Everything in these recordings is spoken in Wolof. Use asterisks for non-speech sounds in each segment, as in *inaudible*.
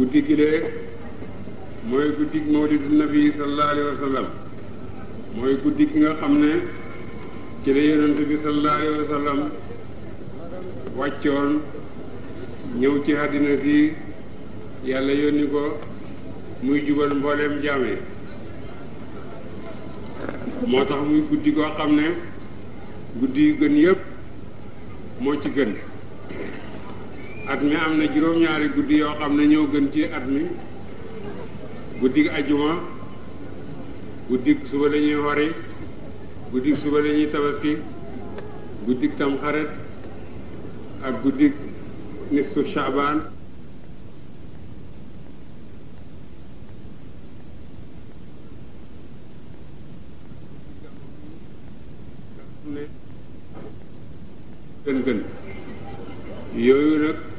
guddi gilee mooy guddi mawlidu nabi sallallahu alayhi wa sallam mooy guddi gi nga xam ne ci la yonent bi sallallahu alayhi wa wàccoon ñëw ci àddina si yàlla yónni ko muy jubal mbooleem jaame moo tax muy guddi koo xam ne guddi yu gën yépp moo ci gën at mi am na juróom-ñaari guddi yoo xam ne gën ci at mi guddi ajuma guddi suba la ñuy wari guddi suba la tabaski guddi tamxarit ak guddi nisfu Shaabaan gën gën yooyu nag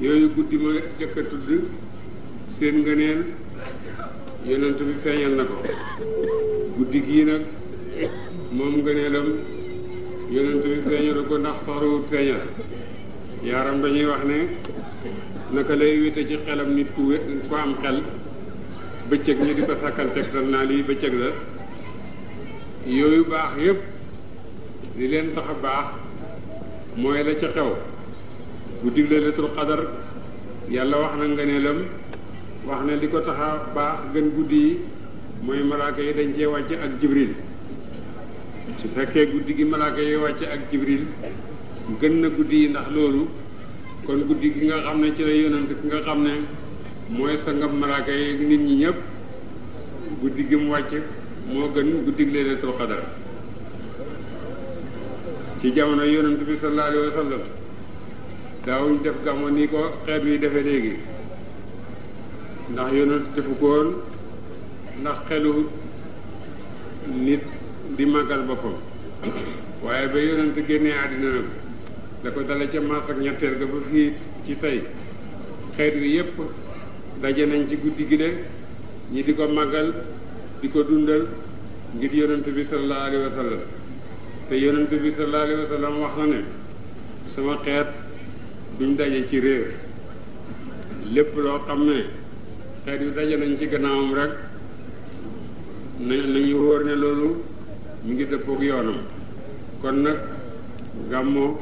yooyu guddi ma jëkk a tudd seen ngëneel yonent bi feeñal na ko guddi gii nag moom ngëneelam yonent bi feeñalu ko ndax soxlawut feeñal yaaram dañuy wax ne naka lay wéte ci xelam nit ku wé ku am xel bëccëg ñi di ko sàkkal tegtal naa lii bëccëg la yooyu baax yépp li leen tax a baax mooy la ca xew guddig laylatul qadar yàlla wax na nga ngëneelam wax ne li ko taxa a baax gën guddi yi mooy malaaka yi dañ cee wàcce ak jibril su fekkee guddi gi malaaka yi wàcce ak jibril gën na guddi yi ndax loolu kon guddi gi nga xam ne ci la yonent ki nga xam ne mooy sangam malaaka yi nit ñi ñëpp guddi gi mu wàcce moo gën guddi laylatul qadar ci jamono yonent bi sallallahu alayhi daawuñ def gàmmu ni ko xeet wi defe léegi ndax yonent defu ko ndax xelu nit di màggal boppam waaye ba yonent génnee àddina nag da ko dale ca maas ak ñetteel ga ba fii ci tey xeet wi yépp daje nañ ci guddi gi de ñi di ko màggal di ko dundal ngir yonent bi sallallahu alayhi wa sallam te yonent bi sallallahu alayhi wax na ne sama xeet duñ daje ci réer lépp loo xam ne xeet yu daje nañ ci gannaawam rek na nañu wóor ne loolu mu ngi dëppook yoonam kon nag gàmmoo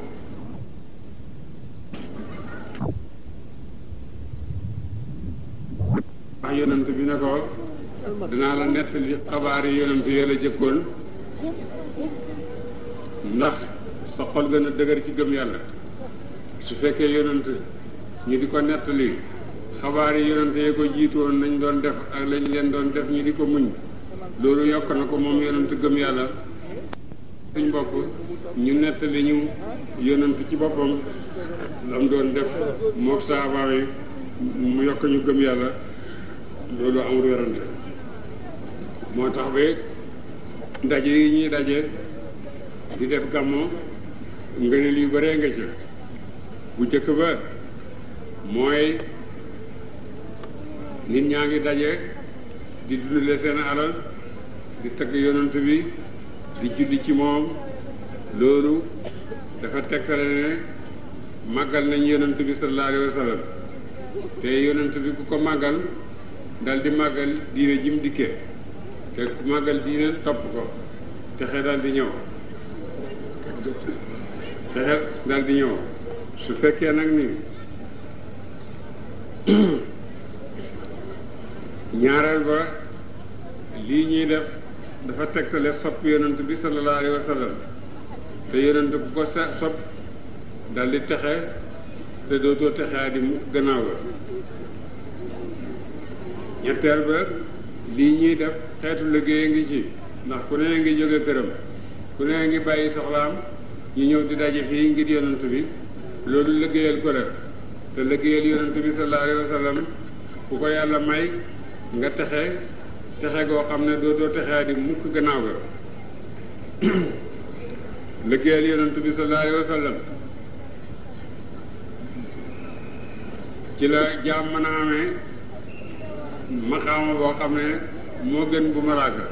wax yonent bi ne ko dinaa la nettali xabaar yi yonent yi la jëkkoon ndax sa xol gën a dëgër ci gëm yàlla su fekkee yonent ñu di ko nettali xabaar yi yonent yi ko jiitoon nañ doon def ak lañ leen doon def ñu di ko muñ loolu yokk na ko moom yonent gëm yàlla suñ bopp ñu nettali ñu yonent ci boppam lam doon def mook saaba yi mu yokk ñu gëm yàlla loolu amul werante moo tax ba ndaje yi ñuy daje di def gàmmo ngëneel yu bëree nga ca bu jëkk ba mooy nit ñaa ngi daje di dundale seen alal di teg yonent bi di julli ci moom loolu dafa tegtale ne màggal nañ yonent bi sallallahu alayhi te yonent bi ku ko màggal dal di màggal diine jim dikkee te ku màggal diine topp ko texe dal di ñëw texe dal di ñëw su fekkee nag ni ñaareel ba lii ñuy def dafa tegtale sopp yonent bi sallallahu alayhi wa sallam te yonent ku ko sopp dal di texe te dootoo texea di gannaaw la ñetteel ba lii ñuy def xeetu liggéey ngi ci ndax ku ne ngi jóge këram ku ne ngi bàyyi soxlaam ñu ñëw di daje fii ngir yonent bi loolu liggéeyal ko la te liggéeyal yonent bi sallallahu wa sallam ku ko yàlla may nga texe texe goo xam ne dootoo texea di mukk gannaaw ga *coughs* liggéeyal yonent bi sallallahu wa sallam ci la jaam mën a amee maxaama boo xam ne moo gën bu malaaka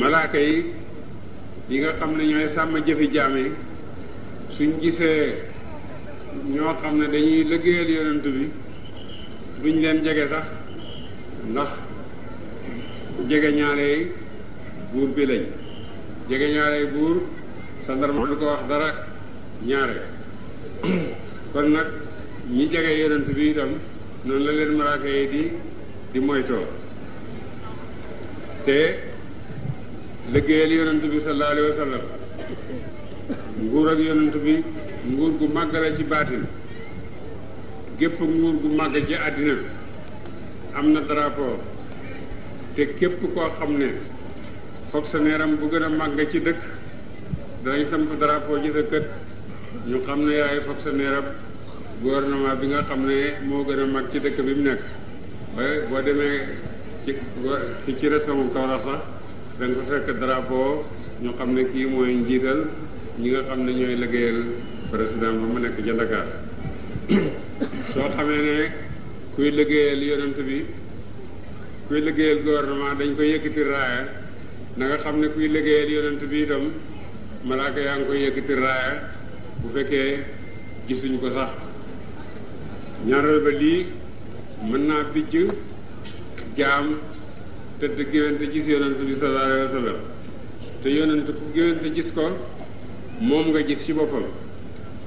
malaaka yi yi nga xam ne ñooy sàmm jëfi jaam yi suñ gisee ñoo xam ne dañuy liggéeyal yonent bi duñ leen jege sax ndax jege ñaarey buur bi lañ jege ñaarey buur sandarma du ko wax dara ñaare kon nag ñi jege yonent bi itam noonu la leen malaaka di di moytoo te liggéeyal yonent bi sallallahu alayhi nguur ak yonent bi nguur gu màgg la ci baatin gépp nguur gu màgg ci àddina am na drapeau te képp koo xam ne fonctionnaire am bu gën a màgg ci dëkk danañ samp drapeau ci sa kër ñu xam ne yaay fonctionnaire am gouvernement bi nga xam ne moo gën a mag ci dëkk bi mu nekk ba boo demee ci ci ci réseau Kaolack sax da ko fekk drapeau ñu xam ne kii mooy njiital ñi nga xam ne ñooy liggéeyal président ba mu nekk ca Dakar soo xamee ne kuy liggéeyal yonent bi kuy liggéeyal gouvernement dañ koy yëkkati raaya na nga xam ne kuy liggéeyal yonent bi itam malaaka yaa ngi koy yëkkati raaya bu fekkee gisuñ ko sax ñaar ba lii mën naa bijj jaam tëdd géwénte gis yonent bi sallallahu alayhi wa sallam te yonent ku géwénte gis ko moom nga gis ci boppam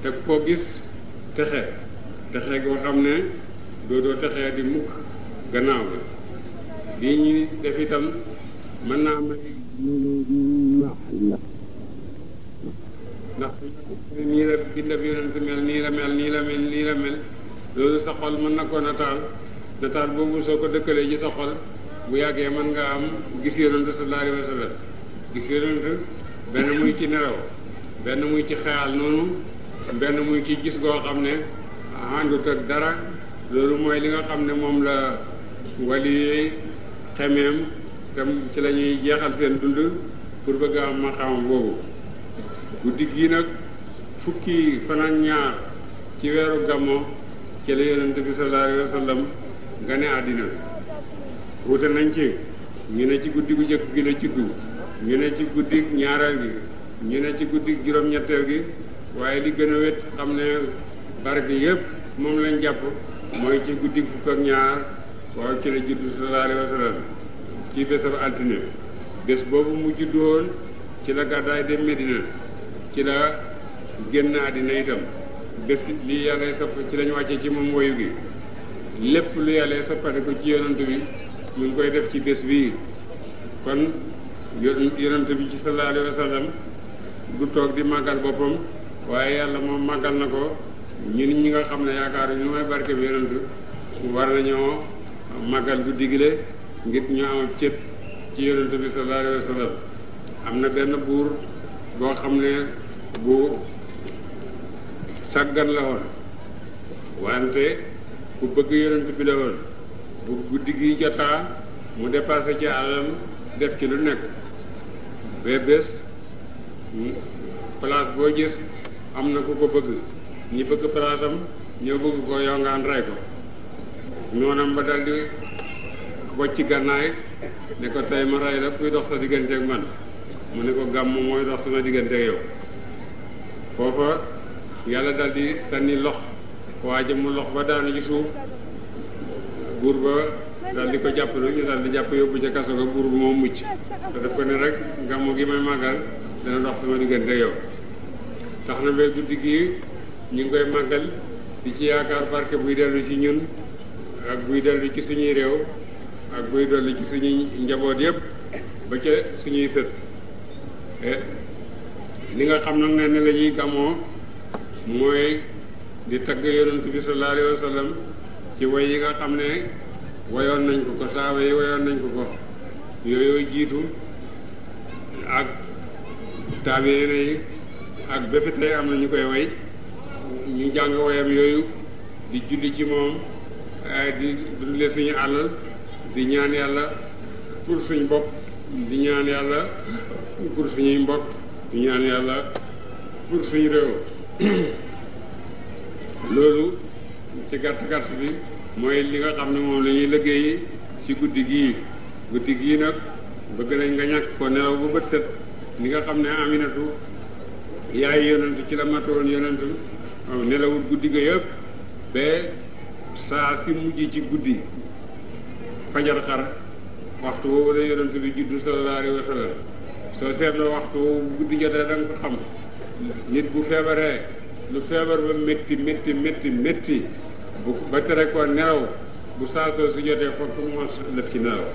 te koo gis texe texe goo xam ne doodoo texe di mukk gannaaw la lii ñu def itam mën naa am ndax nii la bindab yonent nii la mel nii la mel nii la mel loolu sa xol mën na ko nataal nataal boobu soo ko dëkkalee ci sa xol bu yàggee mën nga am gis yonent sallallahu alayhi wa sallam gis yonent benn muy ci nelaw benn muy ci xeyal noonu benn muy ci gis goo xam ne ah, àndut ak dara loolu mooy li nga xam ne moom la wali xemeem tam ci lañuy ñuy jeexal seen dund pour bëgg am maqaam boobu guddi gii nag fukki fanaan ñaar ci weeru gammo ci la yonent bi sallallahu alayhi wa sallam àddina wuute nañ ci ñu ne ci guddi gu jëkk gi la juddu ñu ci guddi ñaareel gi ñu ne ci guddi juróom-ñetteel gi waaye li gën a wét am ne barke yëpp moom lañ jàpp mooy ci guddi fukk ak ñaar waaw ci la juddu sallallahu alayhi wa sallam ci bésab altine bés boobu mu juddu woon ci la gàddaay dem Medina ci la génn àddina itam bés li yàlla sopp ci lañu wàccee ci moom woyu gi lépp lu yàlla soppate ko ci yonant bi mu ngi koy def ci bés bii kon yonant bi ci sallallahu alayhi wa bu toog di màggal boppam waaye yàlla moom màggal na ko ñun ñi nga xam ne yaakaar ñu may barke bi yonent war nañoo màggal guddi gi le ngir ñu am cëpp ci yonent bi sallallahu alayhi wa sallam am na benn buur boo xam ne bu sàggan la woon wante ku bëgg yonent bi bu guddi gi jotaa mu dépassé ci àllam def ci lu nekk ba bés place boo gis am na ku ko bëgg ñi bëgg place am ñoo bëgg ko yongaan rey ko noonam ba daldi bocc gannaay ne ko tey ma rey la kuy dox sa diggante ak man mu ne ko gàmm mooy dox sama diggante ak yow foofa yàlla daldi sànni lox waa ja mu lox ba daanu ci suuf buur ba daldi ko jàppalu ñu daldi jàpp yóbbu ca kaso ga buur bu moom mucc te daf ko ne rek gàmmu gi may màggal dana dox sama diggante yow tax na ba guddi gi ñu ngi koy màggal di ci yaakaar barke buy dellu ci ñun ak buy dellu ci suñuy réew ak buy dellu ci suñuy njaboot yépp ba ca suñuy sët eh, li nga xam nag ne ne la ñuy gamoo mooy di tagg yonent bi sallallahu alayhi wa sallam ci way yi nga xam ne wayoon nañ ko ko saaba yi wayoon nañ ko ko yooyu jiitu ak taabiyeena yi ak bépp tey am na ñu koy way ñu jàng woyam yooyu di julli ci moom eh, di dundale suñu àll di ñaan yàlla pour suñ bopp di ñaan yàlla pour suñuy mbokk di ñaan yàlla pour suñu réew *clears throat* loolu ci gàtt gàtt bi mooy li nga xam ne moom la ñuy liggéey ci guddi gii guddi gii nag bëgg nañ nga ñàkk ko nelaw bu bët set li nga xam ne aminatu yaay yonent ci la matoon yonent nelawul guddi ga yëpp ba saa si mujj ci guddi fajar xar waxtu woowu la yonent bi juddu sallallahu alayhi soo seetloo waxtu woowu guddi jotee da nga ko xam nit bu feebaree lu feebar ba métti métti métti bu ba tere ko nelaw bu saa soo si jotee foofu mu lëf ci nelaw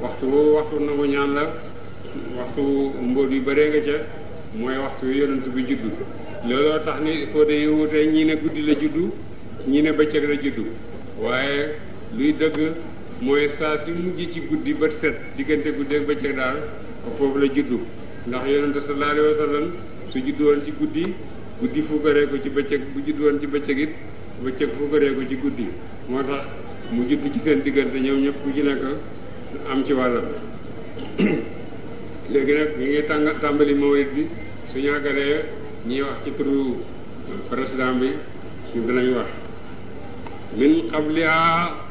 waxtu woowu waxtu nangu ñaan la waxtu mbóot yu bëree nga ca mooy waxtu yonent bi juddu looloo tax ni foo de wuute ñii ne guddi la juddu ñii ne bëccëg la juddu waaye luy dëgg mooy saa si mujj ci guddi bët set diggante guddi ak bëccëg daal foofu la juddu ndax yonent sallallahu alayhi wasallam su juddu woon ci guddi guddi fukkaree ko ci bëccëg bu juddu woon ci bëccëg it bëccëg fukkaree ko ci guddi moo tax mu juddu ci seen diggante ñoom ñëpp ku ji nekk am ci wàllam léegi nag ñu ngi tàng tàmbali mawlid bi suñu àggalee ñiy wax ci turu euh, président bi ñu dinañ wax min qabliha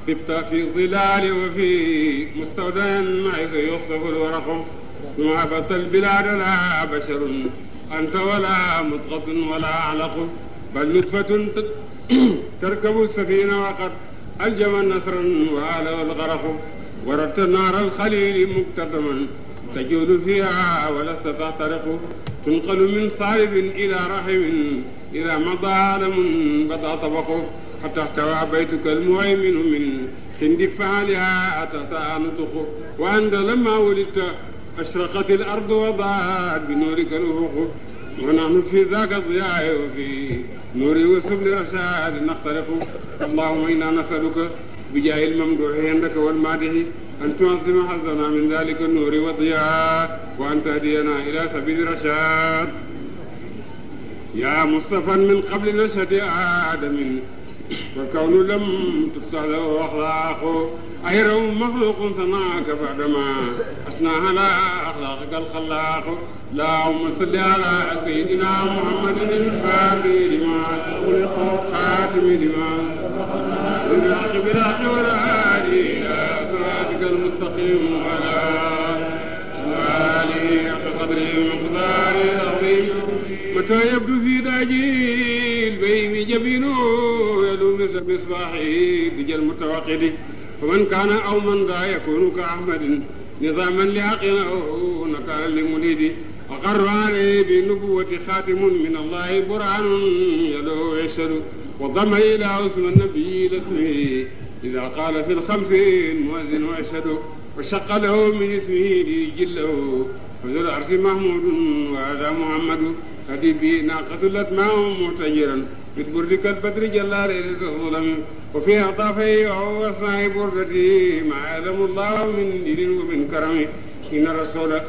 tibta fi dilali wa fi mustawdan aysa yuxsafu lwaraqu suma abata albilada la basharun anta wala mudgatun wala alaqu bal nutfatun *clears throat* tarkabu safina waqad aljama nasran wa ala algaraqu warata naara alxalili muktasaman تجول فيها ولست تحترق تنقل من صائب إلى رحم إذا مضى عالم بدا طبق حتى احتوى بيتك المهيمن من حند فعلها أتساء نطق وأنت لما ولدت أشرقت الأرض وضاءت بنورك الأفق ونحن في ذاك الضياء وفي نوري وسبل رشاد نخترق اللهم إنا نسألك بجاه الممدوح عندك والمادح أن تعظم حظنا من ذلك النور والضياء وأن تهدينا إلى سبيل الرشاد يا مصطفى من قبل نشأة آدم وكون لم تفتح له أخلاقه أهرم مخلوق ثناك بعدما أثنى على أخلاقك الخلاق اللهم صل على سيدنا محمد الفاتح لما أغلق خاتم لما بالحق بالحق والعدل وسلم على وآله قدره ومقداره العظيم متى يبدو في داجه البيم جبينه يلومس بإصباحه بجل متوقد ومن كان أو من ذا يكون كأحمد نظاما لعقله نكالا لمريد وقر عليه بنبوة خاتم من الله برهان يلو يشهد وضم إلى اسم النبي لاسمه إذا قال في الخمسين مؤذن ويشهد وشق له من اسمه جله وذو العرش محمود وهذا محمد خديبي ناقة معه معتجرا مثل برد كالبدر جلا ليلة الظلم وفيها طافي وهو صاحب بردته ما يعلم الله من دين ومن كرمه إن رسول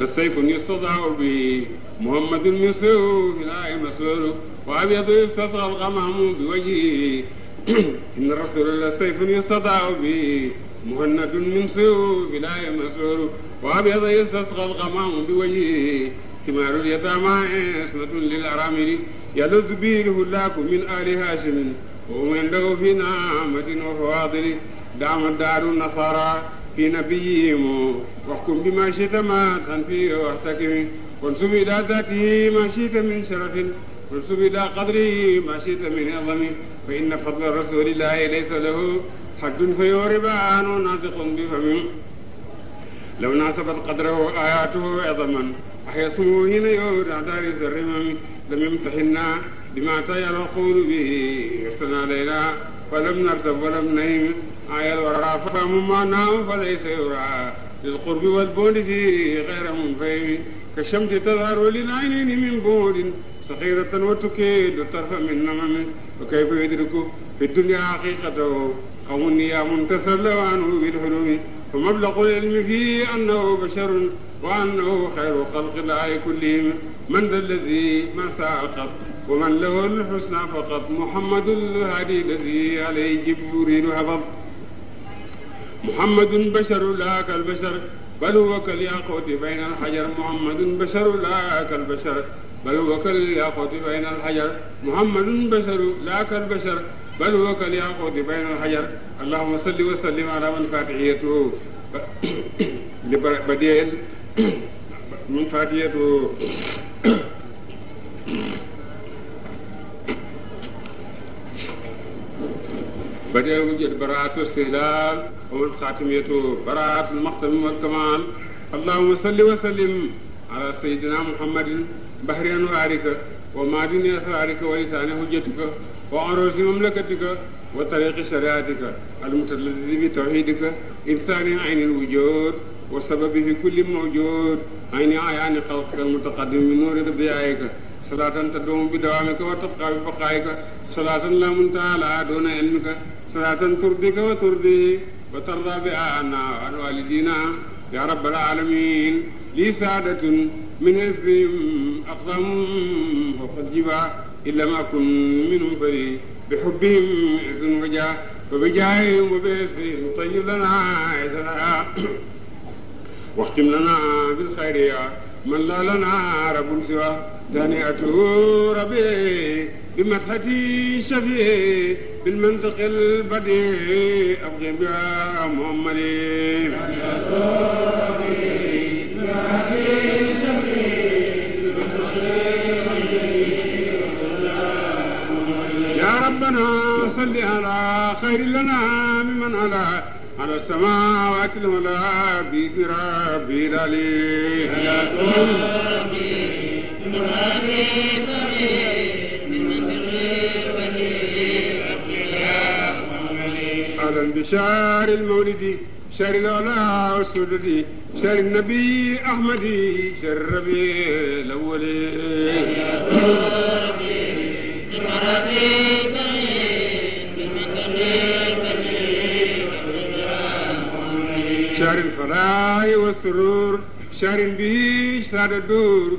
للسيف يستضع به محمد يسلو في الآية مسلول وأبيض يستطغى الغمام بوجهه inna rasulullah sayfun yustadaau bi muhannatun min suyu bi la yamasuru wa abyada yastasqa alghamamu bi wajhi himarul yatama ismatun lil aramiri يلذ به الهلاك من آل هاشم وهم عنده في نعمة وفواضل دام الدار النصارى في نبيهم واحكم بما شئت ما تنفيه واحتكم وانسب إلى ذاته ما شئت من شرف فانسب إلى قدره ما شئت من عظمه فإن فضل رسول الله ليس له حد فهو ربان ناطق بفم لو ناسبت قدره آياته عظما أحيصه حين يهود أعدار الرمم لم يمتحنا بما تايا العقول به يستنى ليلا فلم نرتب ولم نيم آية الورى فهم معناه فليس يرى للقرب والبعد فيه غير منفهم كالشمس تظهر للعينين من بعد saxiratan wa tukki du tarfa min namami wa kayfa yudriku fi dunya xaqiqatahu xamu niyaa muntasallaw anhu bil hulumi fa mablaqul ilmi fii annahu basharun wa annahu xayru xalqillaahi kullihim man da alladi ma saa qat wa man lahu lxusna faqat muhammadul hadi alladi alayhi jibrilu habab محمد بشر لا كالبشر بل هو كالياقوت بين الحجر محمد بشر لا كالبشر bal huwa kal yaquti bayna al hajar muhammadun basharu la kal bashar bal huwa kal yaquti bayna al hajar allahumma salli wa sallim ala man fatihiyatu li badiyel min fatihiyatu بدأ وجد براءة السهلال والخاتمية براءة المختم والكمال اللهم صل وسلم على سيدنا محمد bahri anwaarika wa maadini asraarika wa lisaani hujjatika wa aroosi mamlakatika wa tariqi shariatika almutalladi bi tawxidika insaani ayni lwujood wa sababi fi kulli mawjood ayni ayaani xalqika almutaqaddimi bi nuuri diyaayika salaatan taduumu bi dawaamika wa tabqaa bi baqaayika salaatan laa muntahaa lahaa duuna ilmika salaatan turdika wa turdi wa tarda bi anna an walidina يا رب العالمين لي سعادة من اسم أقسم وقد جبا إلا ما كن منهم فري بحبهم عز وجاء فبجاههم وباسهم طيب لنا عزنا واختم لنا بالخير يا من لا لنا رب سواه دانئة ربي بمدحتي شفي بالمنطق البديع أبغي بها محمدي دانئة ربي بمدحتي ربنا صل على خير لنا ممن على على السماوات العلى بذراب العلي حياة ربي أهلا بشعر المولد شعر الأعلى والسدد شعر النبي أحمدي شعر الربيع الأول شعر الفلاح والسرور شعر به سعد الدور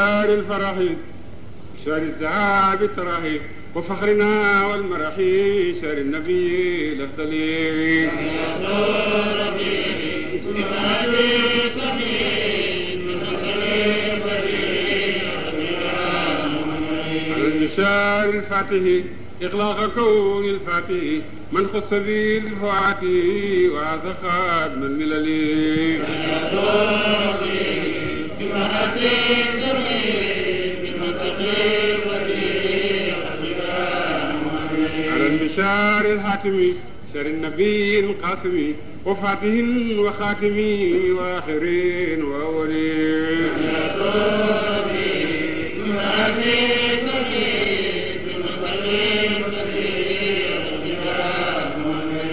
وانهار الفرح شهر الذهاب التراحي وفخرنا والمرح شهر النبي الافضل شهر الفاتح إغلاق كون الفاتح من خص به الفوات وعز خادم الملل بشار الحاتم شر النبي القاسم وفاته وخاتم واخرين واولين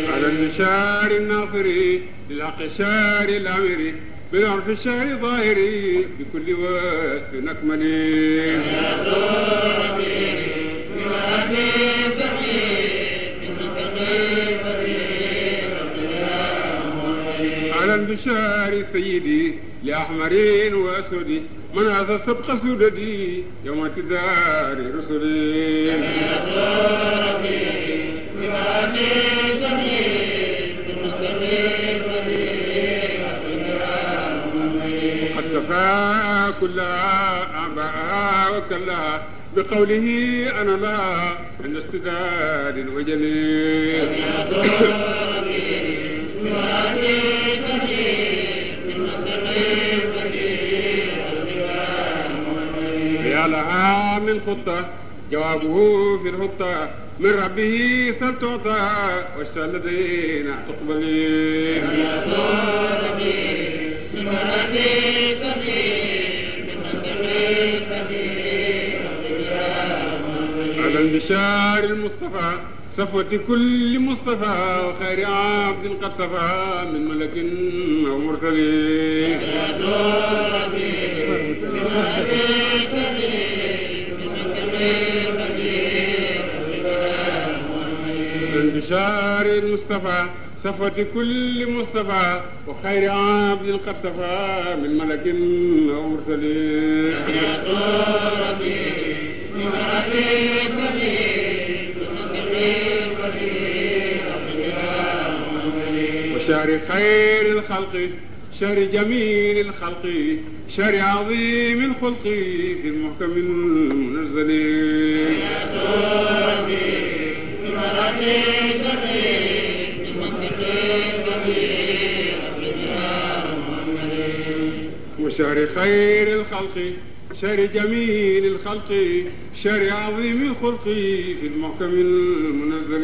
على النشار الناصري للحق الشار الامري بالعرف الشعر ظاهري بكل واسف نكملي يا ربي أولا بشعر سيدي لأحمر وأسود من هذا سبق سددي يوم تدار رسلي قد كفى كلها أعباء وكلها بقوله أنا لا عند استدار الوجل يا لها من خطة جوابه في الخطة من ربه سلتعطى واشفى الذين تقبلين من ربي سبيل من على البشار المصطفى صفوة كل مصطفى وخير عبد قد صفى من ملك أو مرسل بشار المصطفى صفوة كل مصطفى وخير عبد قد صفى من ملك أو مرسل يا ربي شر خير الخلق شر جميل الخلق شر عظيم الخلق في المحكم المنزل وشر خير الخلق شر جميل الخلق شر عظيم الخلق في المحكم المنزل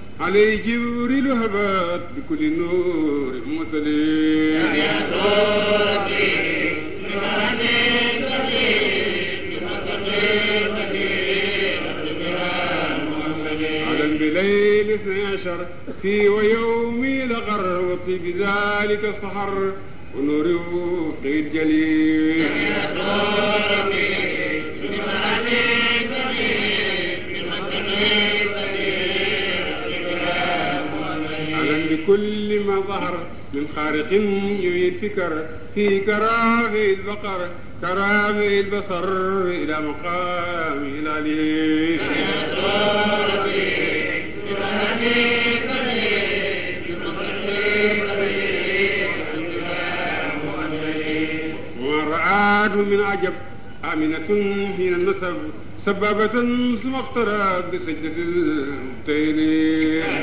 علي جبريل هبات بكل نور مثلي على الليل اثني عشر في ويومي لغر وفي بذلك السحر ونور وفي الجليل لكل ما ظهر من خارق يعيد فكر في كرافي البقر كرافي البصر إلى مقام هلاله ورآته من عجب آمنة حين النسب سبابة ثم اقترب بسجدة التيرين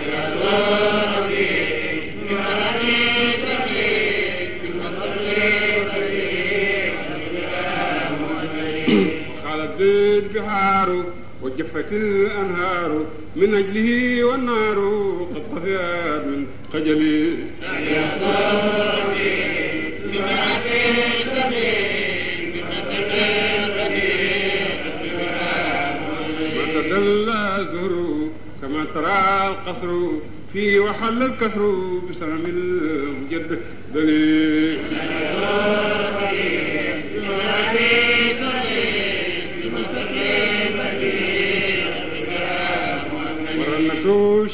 البحار وجفت الأنهار من أجله والنار قد طفئت من خجلي تدلى زهر كما ترى القصر في وحل الكسر بسلام المجد دليل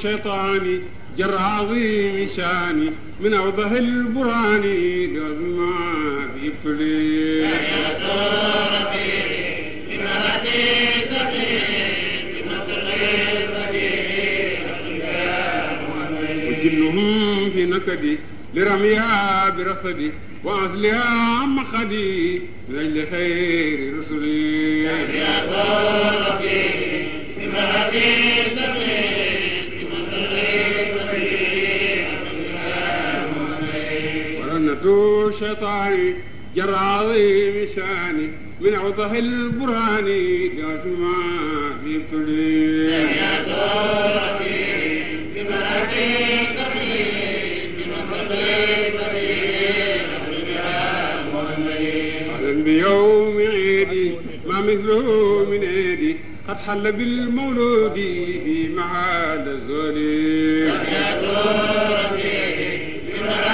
الشيطان جر عظيم شاني من أوضح البرهان دون ما يبتلي وجنهم في نكدي لرميها برصدي وأصلها عم خدي من أجل خير رسلي يا رفيقي بما في ذو شيطان جراوي بشاني من عضه البرهان دعت ما في ابتلي بيوم عيدي ما مثله من عيدي قد حل بالمولود في معاد الزولي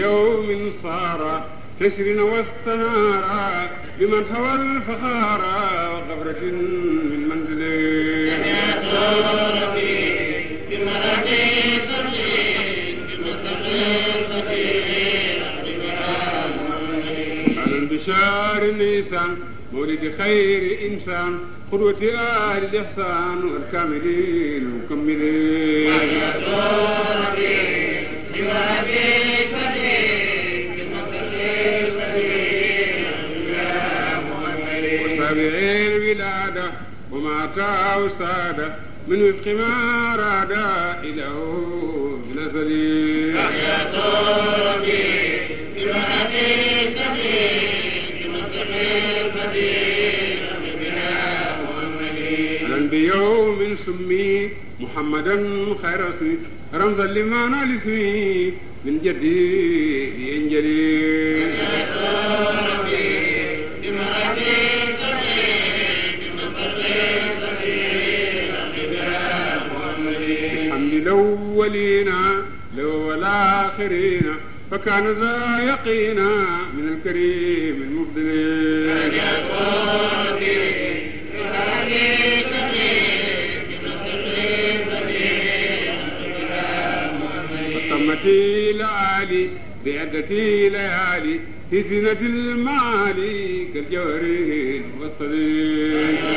يوم صار تسر واستنارا بمن هوى الفخارا وغبرة من منزلين على البشار نيسان مولد خير إنسان قدوة أهل الإحسان والكاملين المكملين مات أو ساد من وفق ما أراد إله من سليم يا ربي بمرأتي سبيل بمنطق البديل بيوم سمي محمدا خير اسمي رمزا لما نال اسمي من جدي ينجلي الأولين لو الآخرين فكان ذا يقينا من الكريم المفضل عمتي لعالي بعدتي ليالي في زينة المعالي كالجوهر والصديق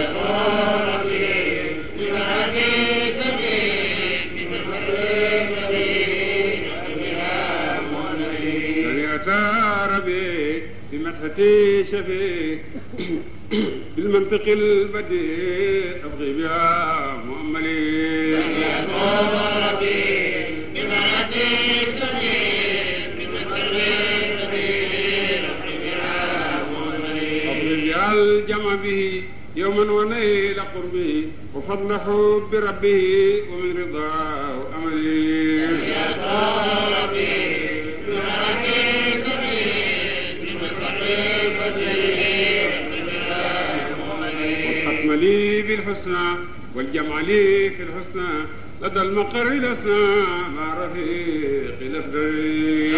فتي شفي بالمنطق البديع أبغي بها مؤملي ربي الجمع به يوما ونيل قربه وفضل حب ربه ومن رضاه الحسنى والجمال في الحسنى لدى المقر الأثنى مع رفيق الأفدري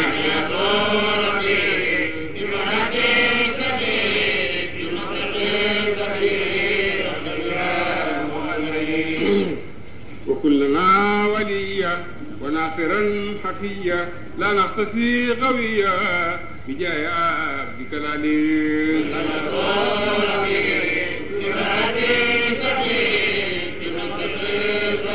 كلما وليا وناصرا حفيا لا نقتسي قويا بجاه عبدك العليم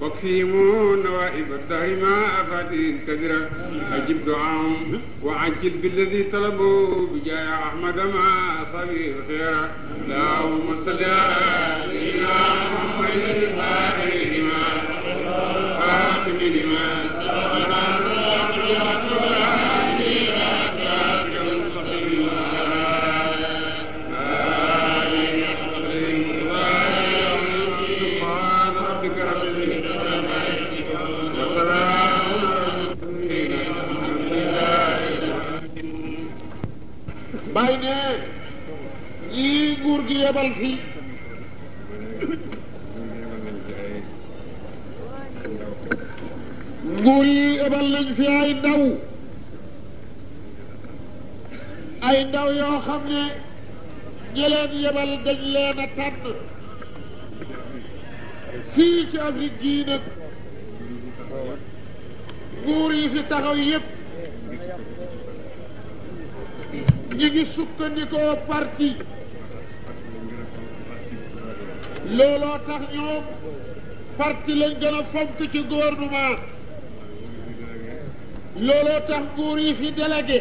وكفيهم نوائب الدهر ما أفاتهم كثيرا أجب دعاهم وعجل بالذي طلبوا بجاه أحمد ما صبي خيرا اللهم صل على سيدنا محمد الفاتح لما فاتح لما سبق yebal fii nguur fi ay ndaw ay ndaw yoo ne ñi leen yebal leen a tànn fii ci Afrique gii nag nguur fi taxaw yëpp ñi ngi sukkandikoo parti looloo tax ñoom parti lañ gën a fonk ci gouvernement looloo tax nguur yi fi délégué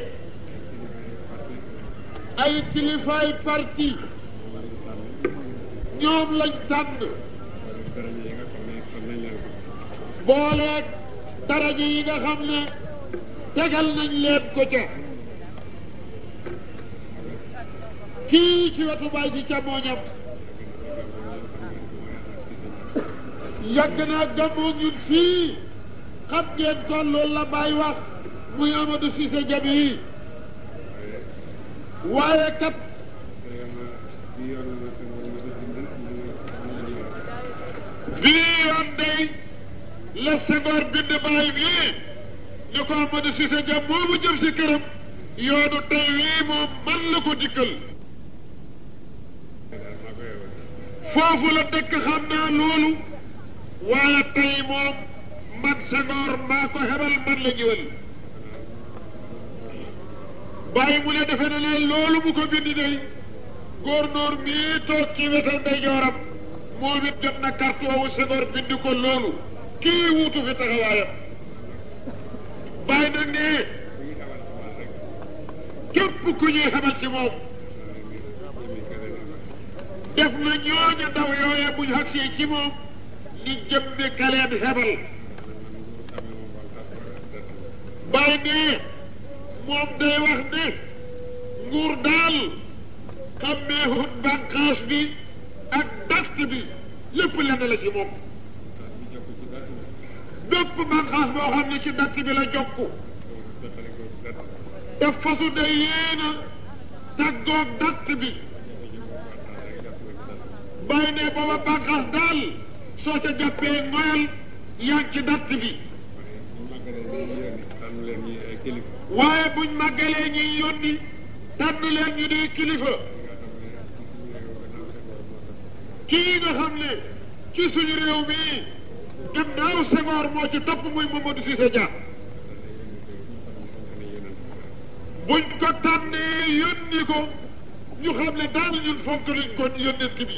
ay kilifaay parti ñoom lañ tànn booleeg daraja yi nga ne tegal nañ leen ko kii ci wetu baay ci càmmooñam yàgg naa gàmmoo ñun fii xam ngeen kon loolu la bàyyi wax muy Amadou Cissé Diaby yi waaye kat bii yoon la Senghor bind bàyyi bii ñu ko Amadou Cissé Diaby moomu jëm si këram yoonu tey wii man la ko dikkal foofu la dëkk xam naa loolu waaye tey moom man Senghor maa ko xebal man la ñëwal bàyyi mu ne defe na leen loolu mu ko bind day góornóor mii toog ci wetam day jooram moom it na carte woowu Senghor bind ko loolu kii wuutu fi taxawaayam bàyyi nag ne képp ku ñuy xebal ci moom def na ñooñu ndaw yooye buñ xagsee ci moom di jëbbi kaleeb hebal bay moom day wax ne nguur daal xammee hut bànqaas bi ak dast bi lépp lenn la ci moom bépp bànqaas boo xam ci dast bi la jokku te fasu de yéena tàggoog dast bi bay ne booba bànqaas daal soo ca jàppee ngoyal yaa ngi ci dàtt bi. waaye buñ màggalee ñuy yónni tànn leen ñu dee kilifa. kii nga xam ne ci suñu réew mi gannaaw Senghor moo ci topp muy Mamadou Cissé Dia. buñ ko tànnee yónni ko ñu xam ne daal ñun fonk luñ ko yónnent bi.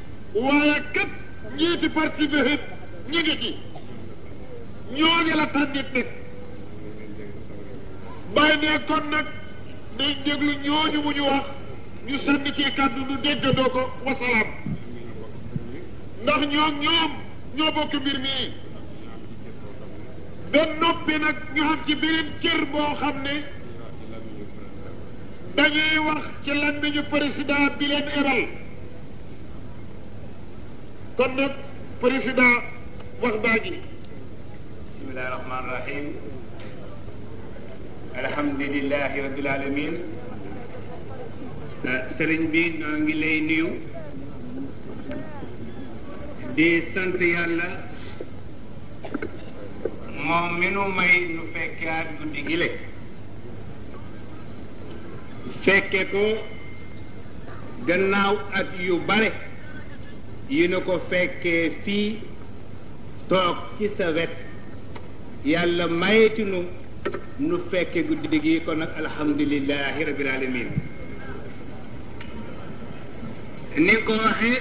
waaye kat ñeenti parti de xët ñi ngi ci ñooñu la tànnit nag bàyyi ne kon nag nañ déglu ñooñu mu ñu wax ñu sànni ci kàddu nu déggandoo ko wasalaam ndax ñoom ñoom ñoo bokk mbir mi ba noppi nag ñu ci beneen cër boo xam ne dañuy wax ci lan bi président bi leen ebal kon nag président wax baa ngi bismillahi rahmaani rahim alhamdulilahi rabbil ah, bi noo ngi lay nuyu di sant yàlla moom mi nu may nu guddi gi le ko gannaaw at yu bare yi nu ko fekkee fii toog ci sa wet yàlla maytinu nu fekke guddi gi kon nag alhamdulilahi rabil alamin ni ko waxee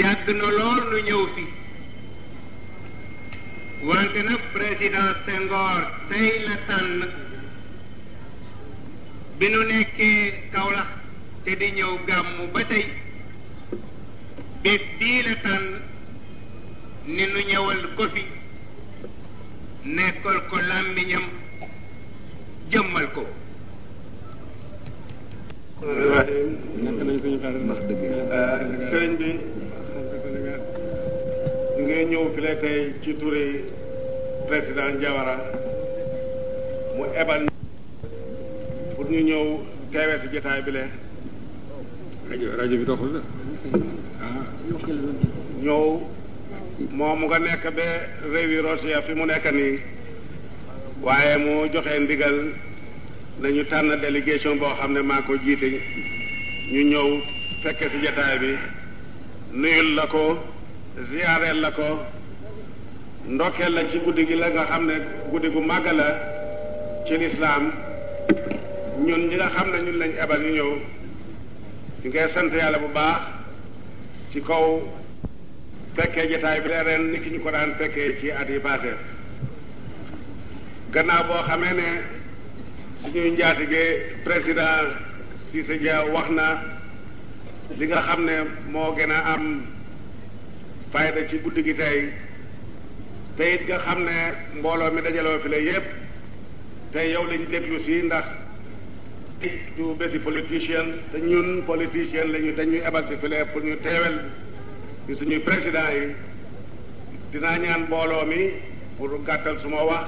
yàgg na lool nu ñëw fi wante nag président Senghor tey la tànn bi nu nekkee Kaolack te di ñëw gàmmu ba tey bés bii la tànn ni nu ñëwal ko fi nekkal ko làmmiñam jëmmal ko sëriñ bi ñëw fi la tey ci turi président Jawara mu ebal pour ñu ñëw teewee si jotaay bi le rajo rajo bi doxul na ñëw moom nga nekk ba réewi Russie fi mu nekk nii waaye mu joxe ndigal nañu tànn délégation boo xam ne maa ko jiite ñu ñëw fekk ci jataay bi nuyul la ko ziyaareel la ko ndokkeel la ci guddi gi la nga xam ne guddi gu màgg la ci lislaam ñun ñi nga xam ne ñun lañ ebal ñu ñëw. ñu ngi sant yàlla bu baax ci kaw fekkee jotaay bi ren ni ki ñu ko daan fekkee ci at yi passé gannaaw boo xamee ne suñuy njaatigee président si Dia wax na li nga xam ne moo gën a am fayda ci guddi gi tey te nga xam ne mbooloo mi dajaloo fi la yépp te yow lañ déglu si ndax du bési politicien te ñun politicien lañu dañuy ebal si file pour ñu teewel suñuy président yi dinaa ñaan mbooloo mi pour gàttal suma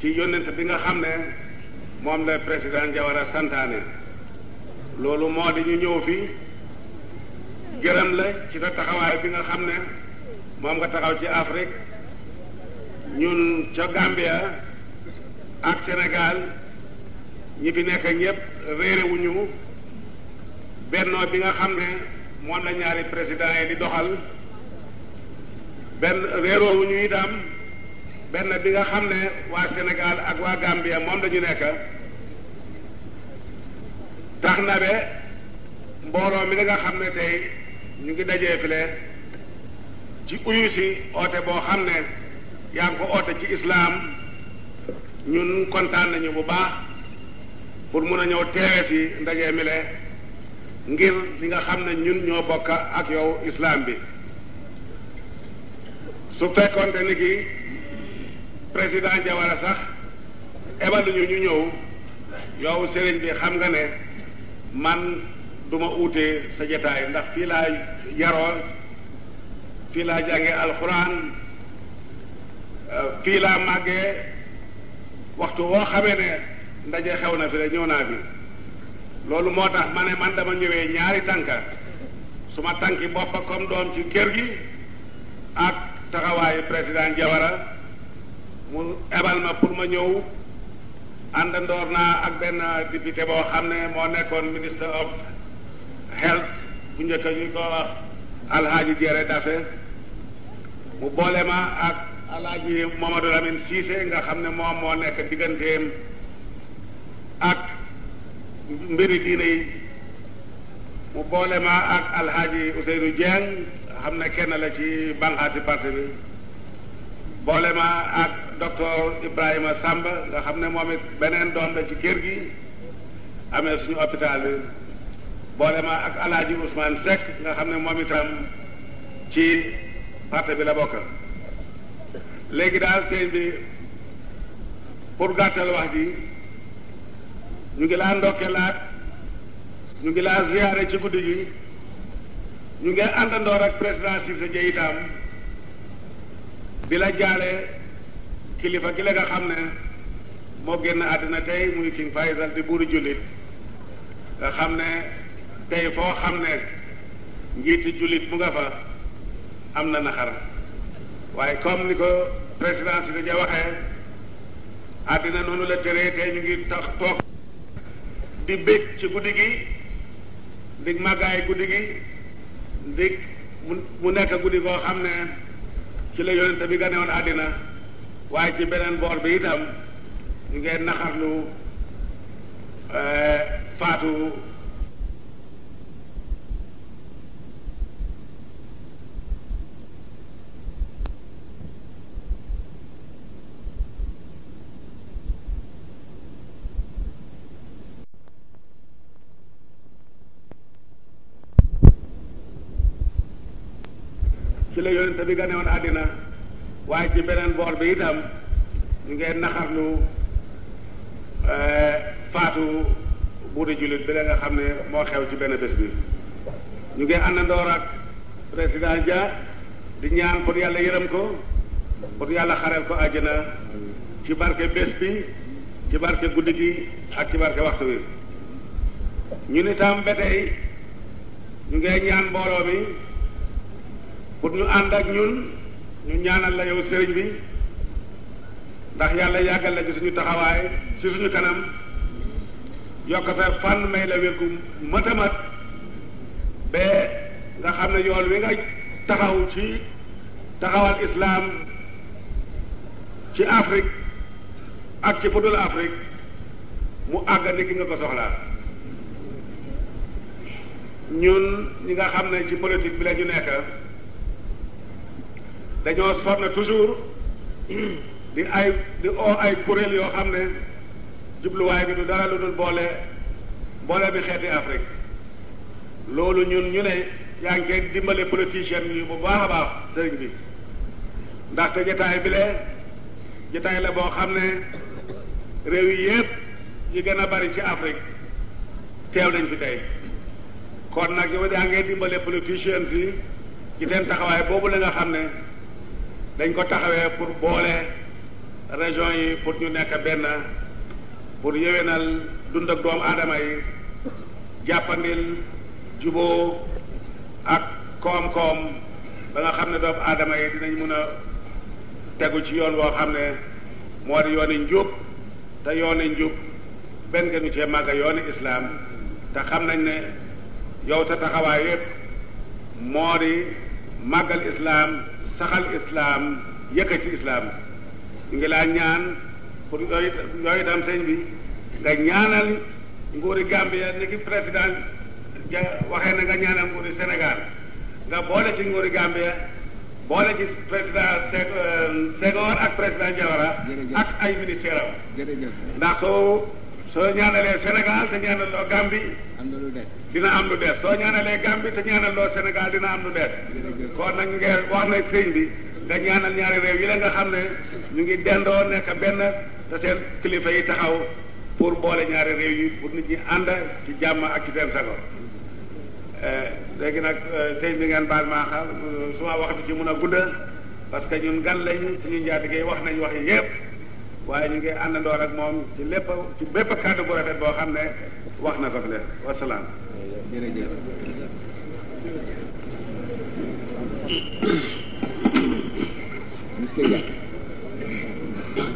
ci yónnent bi nga xam ne moom la président Jawara santaane loolu moo di ñu ñëw fii gërëm la ci sa taxawaay bi nga xam ne moom nga taxaw ci Afrique ñun ca Gambia ak Sénégal ñi fi nekk ñëpp réerewuñu bennoo bi nga xam ne moom la ñaari président yi di doxal benn réeroowuñu itam benn bi nga xam ne waa Sénégal ak waa Gambia moom la ñu nekk tax na be mbooloo mi nga xam ne tey ñu ngi dajee file ci uyu si oote boo xam ne yaa ngi ko oote ci islaam ñun kontaan nañu bu baax pour mun a ñëw teewe fi ndaje mile ngir li nga xam ne ñun ñoo bokk ak yow islaam bi su fekkoonte ni ki président Jawara sax ebaluñu ñu ñëw yow sëriñ bi xam nga ne man duma uute sa jetaay ndax fii laa yaroo fii laa jànge alxuraan fii laa màggee waxtu woo xamee ne ndaje xew na fi rek ñëw naa fi loolu moo tax ma ne man dama ñëwee ñaari tànka su ma tànki boppa comme doom ci kër gi ak taxawaayu président Jawara mu ebal ma pour ma ñëw àndandoor naa ak benn député boo xam ne moo nekkoon ministre of health bu njëkk ñu ko wax alhaaji Jere Dafe mu boole ma ak alhaaji a Lamine Cissé nga xam ne moom moo nekk digganteem ak mbiri diine yi mu boole ma ak alxaaji Ousseynou Dieng xam ne kenn la ci banqaati parti bi boole ma ak docteur Ibrahima Samba nga xam ne moom it beneen doom la ci kër gi amee suñu hôpital boole ma ak alxaaji Ousmane Seck nga xam ne moom itam ci parti bi la bokk léegi daal sëñ bi pour gàttal wax ji ñu ngi laa ndokke laat ñu ngi laa ziyaare ci guddi gi ñu ngi àndandoor ak président Cissé Dieye itam di la jaalee kilifa gi la nga xam ne moo génn àddina tey muy King Faisal di buuru jullit nga xam ne tey foo xam ne njiiti jullit mu nga fa am na naxar waaye comme ni ko président Cissé Dieye waxee àddina noonu la tëree tey ñu ngi tax toog di bég ci guddi gi ndig màggaay guddi gi ndig mu mu nekk guddi koo xam ne ci la yonent bi ganewoon àddina waaye ci beneen boor bi itam ñu ngeen naxarlu eh, faatu ci la yonent bi gane woon àddina waaye ci beneen boor bi itam ñu ngeen naxarlu eh, faatu bu di jullit bi la nga xam ne moo xew ci benn bés bi ñu ngi àndandoor ak président Dia di ñaan pour yàlla yërëm ko pour yàlla xareel ko àjjana ci barke bés bi ci barke guddi gi ak ci barke waxtu wi ñu ni tam ba tey ñu ngi ñaan mbooloo bi pour ñu ànd ak ñun ñu ñaanal la yow sëriñ bi ndax yàlla yàggal la ci suñu taxawaay ci suñu kanam yokk fa fan may la wér gu mat mat ba nga xam ne yoon wi nga taxaw ci taxawal islaam ci Afrique ak ci fudul Afrique mu àgg ni ki nga ko soxlaa ñun ñi nga xam ne ci politique bi la ñu nekk. dañoo sonn toujours di ay di oo ay kuréel yoo xam ne jubluwaay bi du dara lu dul boole boole bi xeeti Afrique loolu ñun ñu ne yaa ngi koy dimbale politiciens yi bu baax a baax sëriñ bi ndaxte jotaay bi le jotaay la boo xam ne réew yi yëpp yi gën a bari ci Afrique teew nañ fi tey kon nag yow yaa ngi dimbale politiciens yi ci seen taxawaay boobu la nga xam ne. dañ ko taxawee pour boole région yi pour ñu nekk benn pour yéwénal dund ak doomu adama yi jàppandil juboo ak koom-koom ba xam ne doomu aadama yi dinañ mun a tegu ci yoon woo xam ne moo di yooni njub te yoon yooni njub benn gënu cee màgg yooni islaam te xam nañ ne yow sa taxawaay yépp moo di màggal islaam saxal islaam yëkkati islaam ñu ngi laa ñaan pour yooyu yooyu itam sëñ bi nga ñaanal nguuri Gambia ni ki président ja waxee na nga ñaanal nguuri Sénégal nga boole ci nguuri Gambia boole ci président euh, Senghor ak président Jawara ak ay ministère am ndax soo soo ñaanalee Sénégal te ñaanal loo Gambie. dina am lu des soo ñaanalee Gambie te ñaanal loo Sénégal dina am lu des. kon nag ngeen wax na sëñ bi nga ñaanal ñaari réew yi lañ nga xam ne ñu ngi dendoo nekk benn te seen kilifa yi taxaw pour boole ñaari réew yi pour nit ñi ànd ci jàmm ak ci seen sago. Eh, léegi nag eh, sëñ bi ngeen baal maa xam eh, suma wax bi ci mun a gudda parce que ñun gan lañu suñu njaatige wax nañu wax yi yépp waaye ñu ngi àndandoor ak moom ci lépp ci bépp kàddu bu rafet boo xam ne wax na ko fi leen wasalaam. jërëjëf.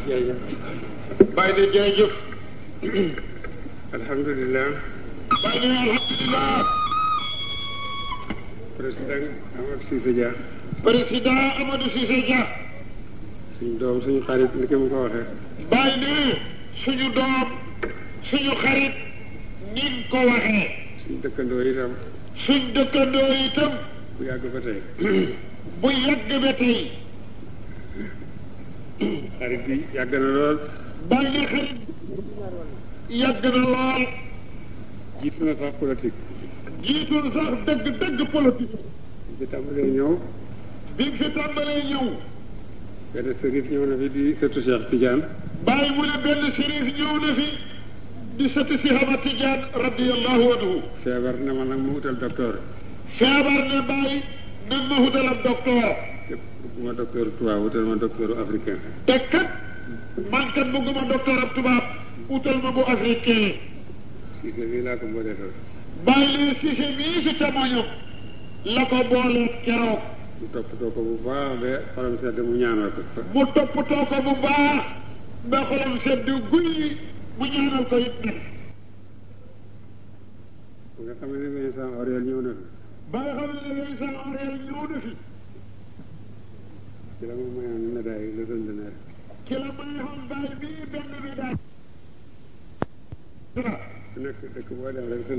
jërëjëf. Baye de jërëjëf. alhamdulilah. Baye de alhamdulilah. président Amadou Cissé Dia. président Amadou Cissé Dia. suñu doom suñu xarit ni ko mu waxee. bàyyi ne suñu doom suñu xarit ni ko waxee. suñu dëkkandoo itam. suñu dëkkandoo itam. bu yàgg ba tey. bu yàgg ba tey. xarit yàgg na lool. bàyyi ne xarit yàgg na lool. jiitu na sax politique. jiitu na sax dëgg dëgg politique. bi fi tàmbalee ñëw. bi fi tàmbalee ñëw. benn sërif ñëw na fi di sëtu Cheikh Tidiane. bàyyi mu ne benn sërif ñëw na fi di sëtu Cheikh Ahmad Tidiane radiyallahu anhu. feebar na ma nag mu utal docteur. feebar ne bàyyi nag ma utal am africain. te kat man kat bëgguma docteur ab tubaab utal ma bu africain. Cissé mii laa ko mbooleel. bàyyi leen Cissé mii si ca moñom la ko boole keroog. mu toppatoo ko bu baax ba xolam sedd mu ñaanal mu toppatoo ko bu baax ba xolam sedd guy mu ñaanal ko it nag. nga xam ne Vincent Auriel ba nga xam ne Vincent Auriel ñëw na fi. ci la ma mayoon médaille le don d'honneur. nekk dëkk boo dem rek sa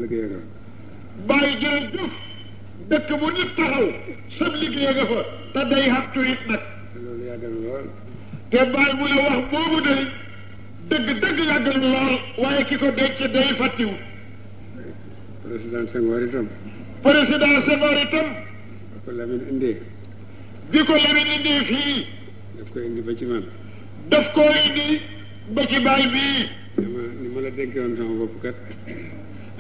dëkk bu nit taxaw sab liggéey nga fa te day xattu it nag loolu yàgg na lool te baay mu la wax boobu day dëgg dëgg yàgg na lool waaye ki ko denc day fàttiwu président Senghor itam président Senghor itam bi ko Lamine indee bi ko Lamine indee fii ko indi ba ci man indi ba ci ni ma la dénkoon sama bopp kat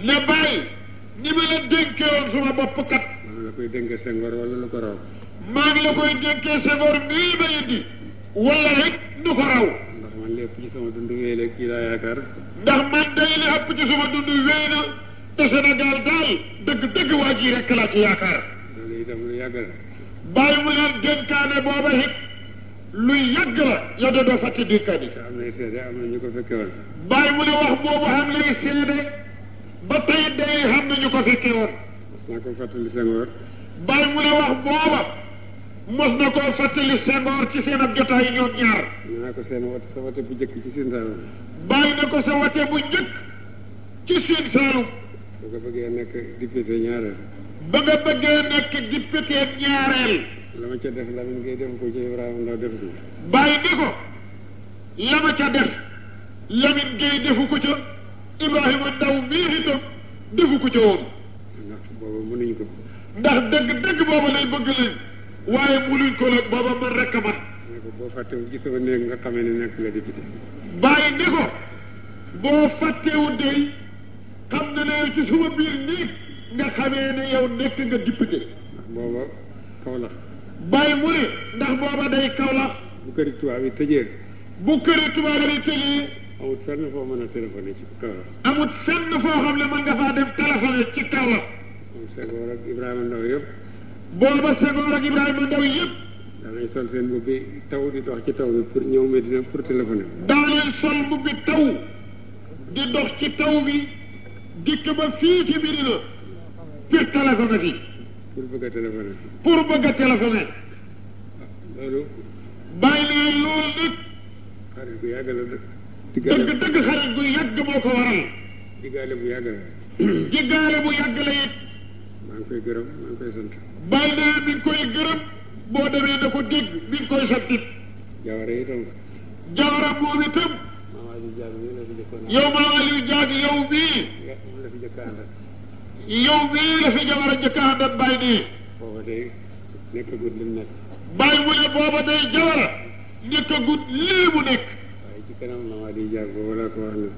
ne baay ni ma la dénkeewoon sama bopp kat. maa ngi la koy dénkee Senghor wala lu ko raw. maa ngi la koy dénkee Senghor mii ma indi. wala rek nu ko raw. ndax man day li ëpp ci sama dund wéy na Sénégal daal dëgg dëgg waa ji rek laa ci yaakaar. loolu itam lu yàgg la. leen dénkaane booba it lu yàgg la yow de doo fàtte dénkaane. am nay seede wax boobu am lay seede. ba tey day xam nañu ko fekke woon mos na ko fàttali Senghor bàyyi mu ne wax booba mos na koo fàttali Senghor ci seen ab jotaay ñoom ñaar naa ko seen wat sa wate bu njëkk ci Sine Saalum na ko sa wate bu njëkk ci Sine Saalum ba nga bëggee nekk député ñaareel ba nga bëggee nekk député ñaareel la ma ca def Lamine Gueye def ko ci Ibrahima Ndaw def ko bàyyi ni ko la ma ca def Lamine Gueye defu ko ca Ibrahima daw bii itam defu ko ca woon. ndax booba mënuñ ko. ndax dëgg-dëgg booba lay bëgg leen waaye mënuñ ko nag booba man rek a man. ne fàttewul gisoo néeg nga xamee ne nekk la député. bàyyi ne ko boo fàttewul dey xam na ne ci suma biir néeg nga xamee ne yow nekk nga député. ndax booba kaw la. bàyyi mu ne ndax booba day kaw la. bu këri tubaab yi tëjee. bu këri tubaab yi tëjee. amul fenn foo mën a téléphoné ci Kaolack. amul fenn foo xam ne mën nga faa dem téléphoné ci Kaolack. moom Senghor ak Ibrahima Ndaw yëpp. booba Senghor ak Ibrahima Ndaw yëpp. daanañ sol seen mbubbi taw di dox ci taw bi pour ñëw Medina pour téléphoné. daanañ sol mbubbi taw di dox ci taw bi dikk ba fii ci Medina pour téléphoné fi. pour bëgg a téléphoné. pour bëgg a téléphoné. Ah, loolu. bàyyi leen loolu nag. xarit bu yàgg la nag. diggaale dëgg dëgg xarit bu yàgg moo ko waral. diggaale bu yàgg la. diggaale bu yàgg la it. maa ngi koy gërëm maa ngi koy sant. bàyyi na mi ngi koy gërëm boo demee da ko dégg mi ngi koy sant it. jawara itam. jawara moom itam. yow maa Aliou Diagne yow mii. yow mii la fi jawara njëkk a àndal bàyyi nii. booba day nekkagut li mu nekk. bàyyi mu ne booba day jawara nekkagut lii mu nekk. kanam Mame Aliou Diack boobu laa wax ne.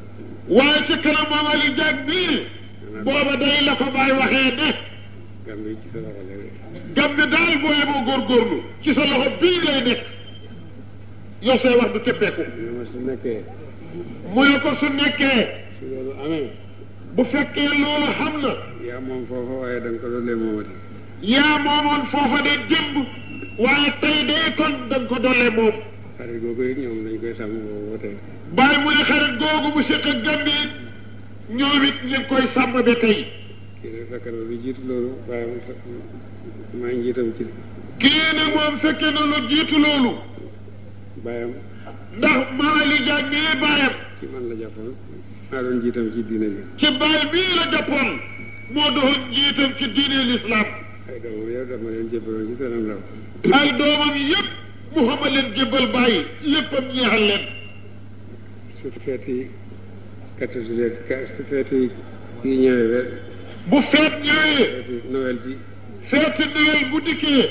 waaye ci kanam Mame bii. booba day la ko bàyyi waxee ne. gam bi ci sa loxo lay nekk. gam bi daal booy boo góorgóorlu. ci sa loxo wax du teppeeku. mu ne ko su mu ne ko su bu fekkee loolu xam na. yaa moom foofa ko doon foofa de démb. waaye tey de kon da ko doon moom. xarit googu it ñoom dañ koy sàmm ba tey. bàyyi mu xarit googu mu seq Gambie ñoom it ñu koy sàmm ba tey. kii maa ngi jiitam ci. kii ne moom fekke na lu jiitu loolu. bàyyam. ndax maa li jaag nee bàyyam. ci man la jàppoon maa doon jiitam ci diine bi. la jiitam ci diine l'islam. ay doomam yëpp mu xama leen jébbal bàyyi léppam ñeexal leen su feeti quatorze heures su feeti yi ñëwee weer bu feet ñëwee feeti Noël ji feeti Noël bu dikkee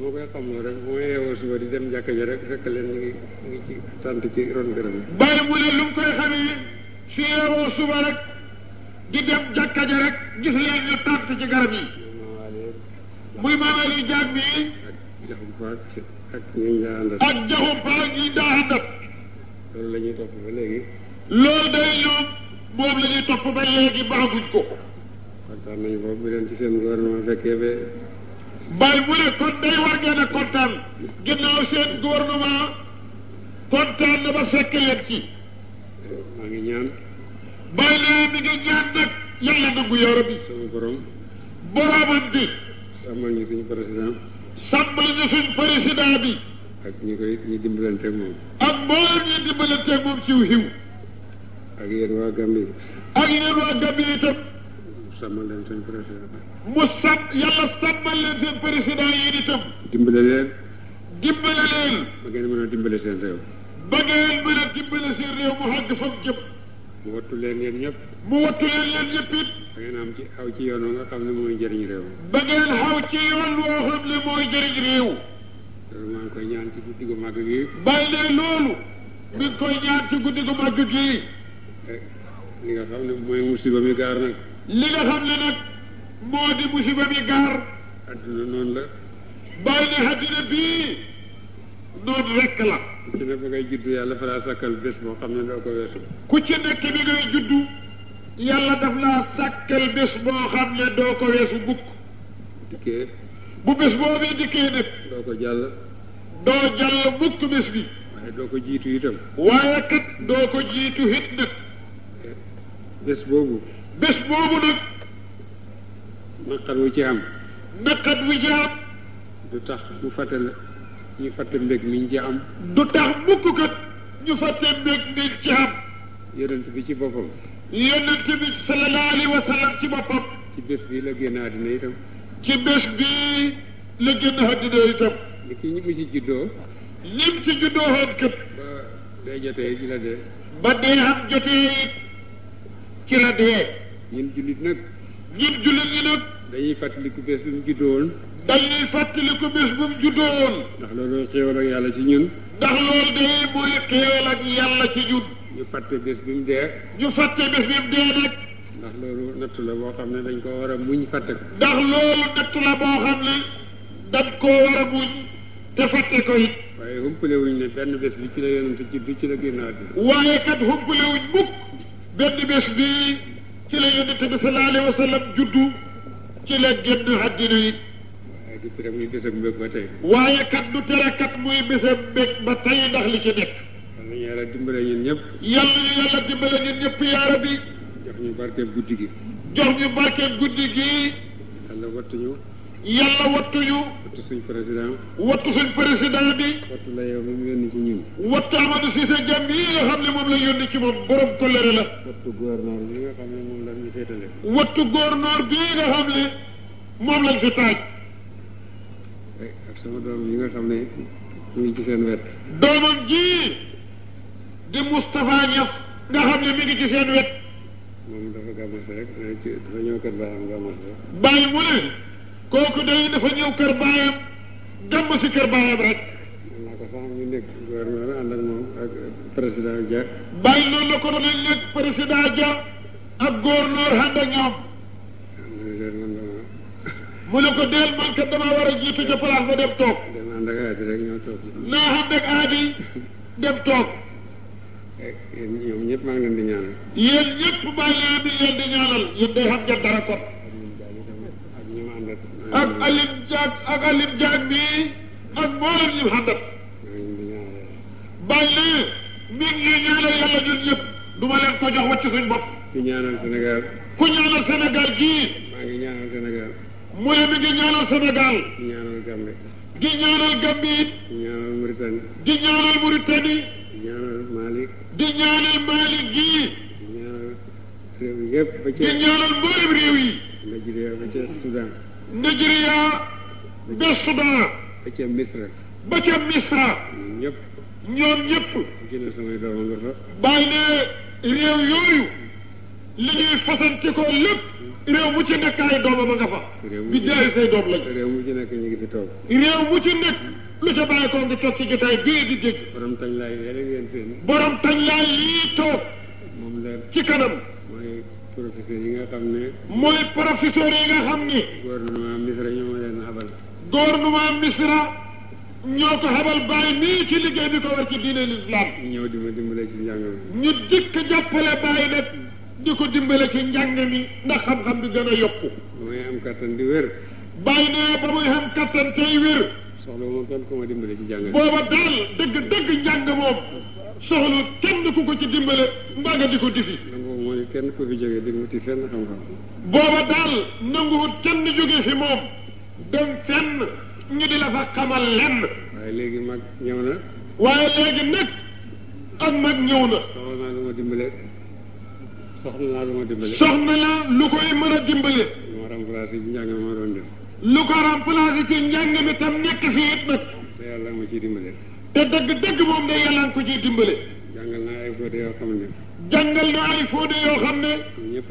moo koy xamloo rek bu ma yeewoo suba di dem jàkka ji rek fekk leen ñu ngi ñu ngi ci tant ci ron garab yi bàyyi mu ne lu mu koy xamee su yeewoo suba rek di dem jàkka ji rek gis leen ñu tant ci garab yi muy maanaam li jaag bi ak ñañ daa àndal ak loolu la topp ba léegi loolu day ñoom moom la topp ba léegi baaguñ ko kontaan nañu leen ci seen gouvernement fekkee ba bay mu ne kon day seen gouvernement kontaan ba fekk leen ci maa ngi ñaan bay nee mi ngi ñaan nag yàlla nangu yoro bi sama borom boromam bi sàmbali na suñ président bi. ak ñi koy ñi dimbalanteeg moom. ak mboolem ñi ak yéen waa Gambie. ak yéen waa Gambie itam. mu sàmmal leen seen président. mu sàmm yàlla sàmmal leen seen président yéen leen. dimbale leen. ba ngeen mën a dimbale seen réew. ba ngeen mën a dimbale seen réew mu xàgg fa mu mu wattu leen yéen ñëpp. mu wattu leen yéen ñëpp it. ba ngeen am ci aw ci yoon nga xam ne mooy njëriñ réew. ba ngeen xaw ci yoon woo xam ne mooy njëriñ réew. loolu maa koy ñaan ci guddi gu màgg gi. bàyyi leen loolu. mi ngi koy ñaan ci gi. Eh, li nga xam ne mooy musiba mi gaar nag. li nga xam ne nag moo di musiba mi gaar. adduna noonu la. bàyyi ne bii. doot rekk la ku ci boo xam ne doo ko weesu ku ci nekk bi ngay juddu yàlla daf laa sàkkal bés boo xam ne doo ko weesu bukk dikkee bu bés doo ko jàll ko jiitu itam waaye kat boobu bés boobu nag ci am naqar wu ci am du tax mu fàtte ñu fàtte mbég mi ñu ci am du tax mukk kat ñu fàtte mbég mi ci am yonent bi ci boppam yonent bi sallallahu alayhi wa ci boppam ci bés bi la génn àddina itam ci bés bi la génn àddina itam li ba dee jotee jotee ci la dee jullit nag ñun jullit ñi nag dañuy fàttaliku bés bi mu juddoo dalil fàttaliku bés bu mu juddoo woon ndax loolu xéewal ak yàlla ci ñun ndax loolu day mooy xéewal ak yàlla ci ñun ñu fàtte bés bi mu dee ñu fàtte bés bi mu dee nag ndax loolu nattu la boo xam ne dañ ko war a muñ fàtte ko ndax loolu nattu la boo xam ne dañ ko war a muñ te fàtte ko it waaye humpale wuñ ne benn bés bi ci la yonent ci du ci la génn àddina waaye bi ci la yonent bi sallallahu alayhi wa sallam juddu ci waaye kat du tere kat muy bésam mbég ba tey ndax li ci nekk. yal nañu yàlla dimbale ñun ñëpp. yal nañu yàlla dimbale ñun ñëpp yaa rabbi. jox ñu barkeeb guddi gi. jox ñu barkeeb guddi gi. yàlla wattuñu. yàlla wattuñu. wattu suñ président. bi. wattu la yow mi mu yónni ci ñun. wattu Amadou Cissé Diagne yi nga xam ne moom la yónni ci moom borom kolere nga xam ne moom la ñu féetale. wattu gouverneur bi nga xam ne moom lañ fi taaj. sama doom yi nga xam ne mu ngi ci seen wet. doomam ji di Moustapha Niass nga xam ne mi ngi ci seen wet. moom dafa gàmmas rek rek. dafa ñëw kër baayam gàmm si kër baayam rek. naa ko sax ñu nekk gouverneur ak président Dia. bàyyi loolu la ko doon nekk président Dia ak gouverneur ànd ak ñoom. mu ne ko del man kat damaa war a jiitu ca place ba dem toog. dem ànd ak aadi rek ñëw toog. naa xam nag aadi dem toog. yéen ñëpp maa ngi leen di ñaanal. yéen ñëpp maa ngi leen di ñaanal. yéen day xam ngeen dara kon. ak alim jaag ak alim jaag bi ak mboolem ñi mu xandat. bàyyi mi ngi ñaanal yàlla ñun ñëpp. du ma leen ko jox wàcc suñ bopp. ku ñaanal Sénégal. ku ñaanal Sénégal gii. maa ngi ñaanal Sénégal. mu ne mi ngi ñaanal Sénégal. di ñaanal Gambie. di ñaanal Gambie it. di ñaanal Mauritanie. di ñaanal Mauritanie. di ñaanal Mali. di ñaanal Mali gii. di ñaanal réew yëpp ba Thiès. di ñaanal mboolem réew yi. Nigeria ba ca Soudan. Nigeria ba Soudan. ba ca Misra. ba ca Misra. ñoom ñëpp. ñoom ñëpp. ci na samay doom nga fa. bàyyi ne réew yooyu. li ñuy fasante ko lépp. réew mu ci nekk ay doomam a nga fa. bi jaay say doom lañ. réew mu ci nekk ñu ngi a toog. réew mu ci nekk lu ca bàyyi ko toog ci la ci kanam. mooy professeur yi nga xam ne. mooy professeur yi nga xam ni. gouvernement Misra ñoo Misra. ñoo ko xabal bàyyi nii ci liggéey bi ko war ci diine l'islam. ñu dikk jàppale bàyyi nag. di ko dimbale ci njàng mi ndax xam-xam bi gën a yokku. ba muy am kattan di wér. bàyyi na ba muy am kattan tey wér. soxla moom kenn ku ma dimbale ci njàng. booba daal dëgg dëgg njàng moom soxla ko ci dimbale mbaa nga di ko difi. nangu moo ne kenn ku fi jógee di wuti fenn xam-xam. booba daal nanguwut kenn jógee fi moom dem fenn ñu di la fa xamal lenn. waaye léegi mag ñëw na. waaye léegi nag ak mag ñëw na. soxla naa lu ma dimbale. soxla naa lu ma dimbale. soxla naa lu koy mën a dimbale. lu ma remplacé ci njàng ma ci njàng mi tam nekk fii it nag. te yàlla ma ciy dimbale. te dëgg-dëgg moom de yàlla nga ko ciy dimbale. jàngal naa ay fóode yoo xam ne. jàngal na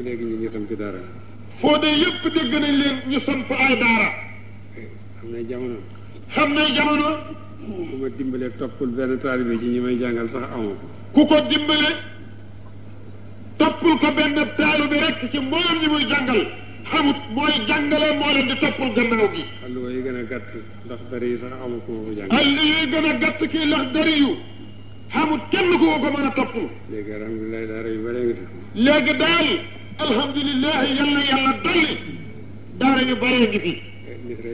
léegi ñu ngi samp daara. fóode yëpp dégg nañ leen ñu samp ay daara. xam ne jamono. xam ne jamono. ku ma dimbale toppul benn taalibe ci ñi may jàngal sax amoo ko. ku ko dimbale. toppul ko benn taalu bi rek ci mboolem ñi muy jàngal xamut mooy jàngale moo leen di toppul gannaaw gi. àll yooyu gën a gàtt ndax ko jàngal. a gàtt kii ndax dari yu xamut kenn ku ko mën a toppul. léegi alhamdulilah daara yu bëree ngi fi. léegi daal alhamdulilah yàlla yàlla dolli daara yu bëree ngi fi. Eh, misra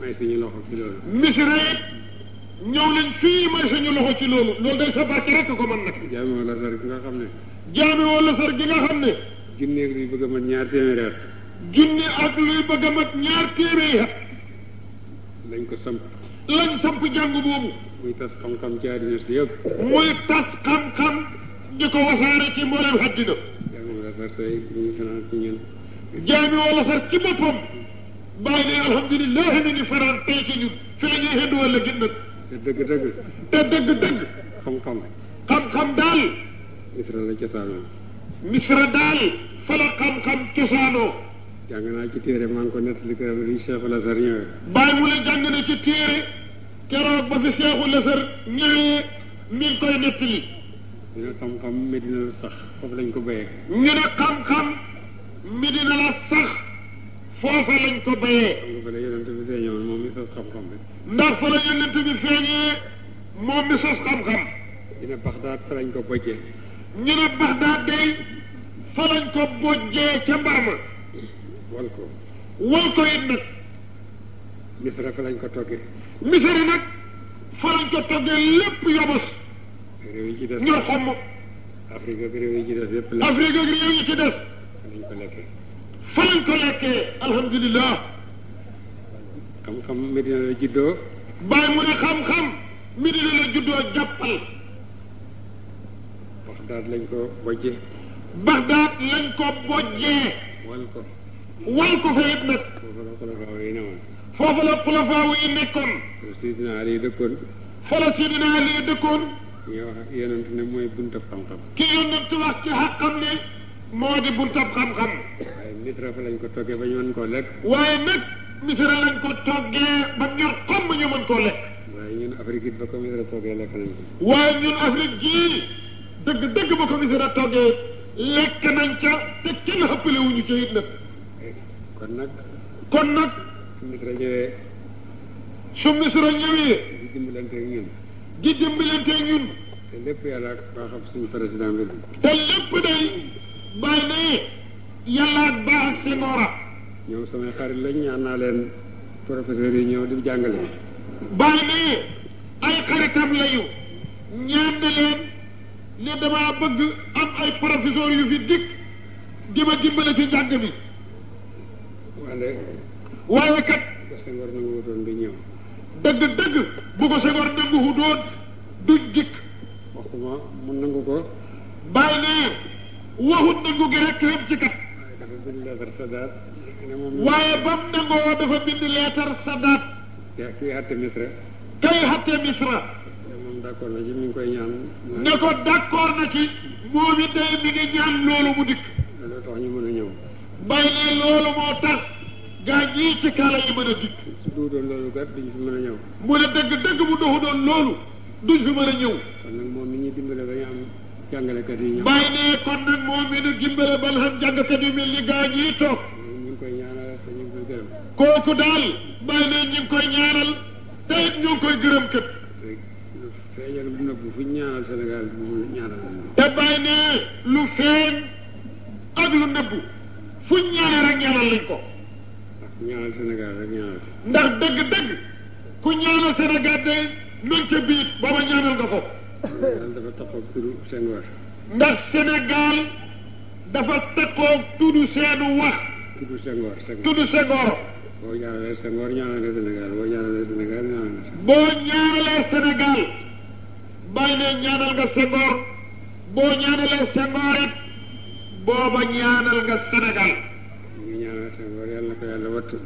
may suñu loxo ci loolu. loxo ci loolu loolu day sa barke rek ko mën jaami wala sar ki nga xam ne. jaami wala sër gi xam ne. junni ak luy bëgg a mat ñaar téeméeri at. junni ak luy bëgg a ñaar téeméeri lañ ko samp. lañ samp jàng boobu. muy tas xam-xam ci àddina si yëpp. muy tas xam-xam di ko wasaare ci mboolem àddina. jaami wala ci ñun. jaami wala sër ci ni fanaan tey ci ñun. fi la ñuy xënd wala te dëgg-dëgg. te dëgg-dëgg. xam-xam. xam-xam daal. misra la cosaanoo misra daal fa la xam-xam cosaanoo jàng naa ci téere maa ngi ko nettali keroog bi Cheikh Lasar ñëwee bàyyi mu ne jàng na ci téere keroog ba fi Cheikh Lasar ñëwee mi ngi koy nettali ñu ne xam-xam Medina la sax foofu lañ ko béyee ñu ne xam-xam Medina la sax foofa lañ ko béyee fa moom mi sos xam-xam bi ndax fa lañ ko bojjee ñu ne Baxdaad day fa lañ ko bojjee ca mbar ma wal ko wal ko it nag misra fa lañ ko toggee misra nag fa lañ ko toggee lépp yobos réew yi ci des ñor xomm Afrique ak réew yi ci des ko lekkee fa lañ ko lekkee alhamdulilah xam-xam Medina la juddoo bàyyi mu ne xam-xam Medina la juddoo jàppal Baxdaad lañ ko bojjee. Baxdaad lañ ko bojjee. wal ko. wal ko fa yëpp nag. foofu la xulafaaw yi newoon. foofu la xulafaaw yi nekkoon. foofu Sidina Ali dëkkoon. foofu Sidina Ali dëkkoon. ñu wax yonent ne mooy buntab xam-xam. ki yonent wax ci xaqam ne. moo di buntab xam-xam. waaye misra fa lañ ko toggee ba ñu mën koo lekk. waaye nag misra lañ ko toggee ba ñor xam ñu mën koo lekk. waaye ñun Afrique it ba ko misra toggee lekk nañ ko. waaye ñun Afrique gii. dëgg dëgg ba ko ISRA toggee lekk nañ ca te kenn xëppale wu ñu ca it nag. kon nag. kon nag. su ISRA ñëwee. su ISRA ñëwee. di dimbalante ak ñun. di dimbalante ak ñun. te lépp yàlla ak baaxam suñu président bi. te lépp day bàyyi ne yàlla ak baax ak seen ora. ñoom samay xarit lañ ñaan naa leen professeur yi ñëw di jàngale. bàyyi ne ay xaritam lañu ñaan leen. ne damaa bëgg am ay professeur yu fi dikk di ma dimbale ci njàng mi. waaye. waaye kat. bu ko dëgg dëgg bu ko Senghor nanguwu doon duñ dikk. waxuma mu nangu ko. bàyyi waxut nangu gi rek yem ci kat. waaye ba mu nangoo dafa bind leetar Sadat. kay xatte Misra. kay xatte Misra. d'accord na ci mi ngi koy ñaan. ne ko d'accord na ci. moom it day mi ngi ñaan loolu mu dikk. loolu tax ñu mën a ñëw. bay ne loolu moo tax. gaa ñii ci kaala yi mën a dikk. su duhu doon loolu kat duñ fi mën a ñëw. mu ne dëgg dëgg bu doxu doon loolu. duñ fi mën a ñëw. kon nag moom mi ñuy dimbale ba ñu am jàngalekat yi ñëw. bay ne kon nag moom mi ñu dimbale ba ñu am jàngkat yu mel ni gaa ñii toog. ñu ngi koy ñaanal te ñu ngi koy gërëm. kooku daal bay ne ñu ngi koy ñaanal te it ñu ngi koy gërëm kat. te bàyyi ne lu feeñ ak lu nëbbu fu ñu ko. ñaanal Sénégal rek ñaanal. ndax dëgg-dëgg ku ñaanal Sénégal de luñ ca biir booba ñaanal nga ko. Sénégal dafa taxaw turu seen wax. ndax Sénégal de taxaw turu seen wax. tudd Senghor Senghor tudd Senghor. boo ñaanalee Senghor ñaanalee Sénégal bàyyi leen ñaanal nga Senghor boo ñaanalee Senghor it booba ñaanal nga Sénégal. ñu ngi ñaanal Senghor yal na ko yàlla wattu.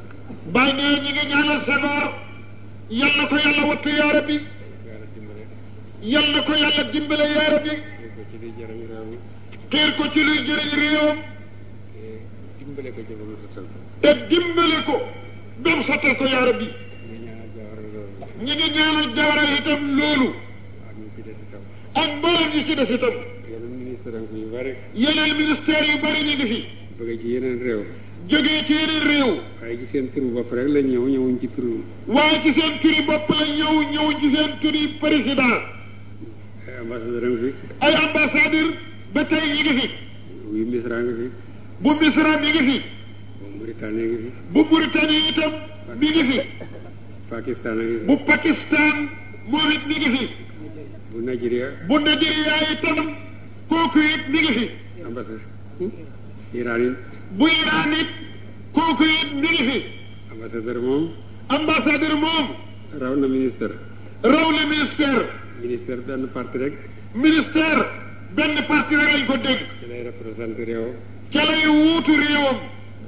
bàyyi ko yàlla wattu yaa rabbi. yal ko yàlla dimbale yaa rabbi. xiir ko ci luy jëriñ réewam. te dimbale ko bam sottal ko yaa rabbi. ñu ngi ñaanal jawara itam loolu. ak mboolem yi ci des itam. yeneen ministère yu bari. yeneen ministère yu bari fi. bëgg ci yeneen réew. jógee ci yeneen réew. waaye ci seen turu bopp rek lañ ñëw ñëwuñ ci turu. waaye ci seen turi lañ ñëwuñ ci seen turi président. ay ambassadeur ngi fi. ay ambassadeur ba tey ñu ngi fi. bu Misra ngi fi. bu Misra mi ngi bu Mauritanie ngi fi. bu Mauritanie itam mi ngi fi. Pakistan bu Pakistan moom it mi fi. bu Nigeria. bu Nigeria itam kooku it mi ngi fi. ambassadeur. Hmm? Iran it. bu Iran it kooku it mi moom. raw na ministère. raw na ministère. benn parti rek. ministère benn parti rek lañ ko dégg. ci lay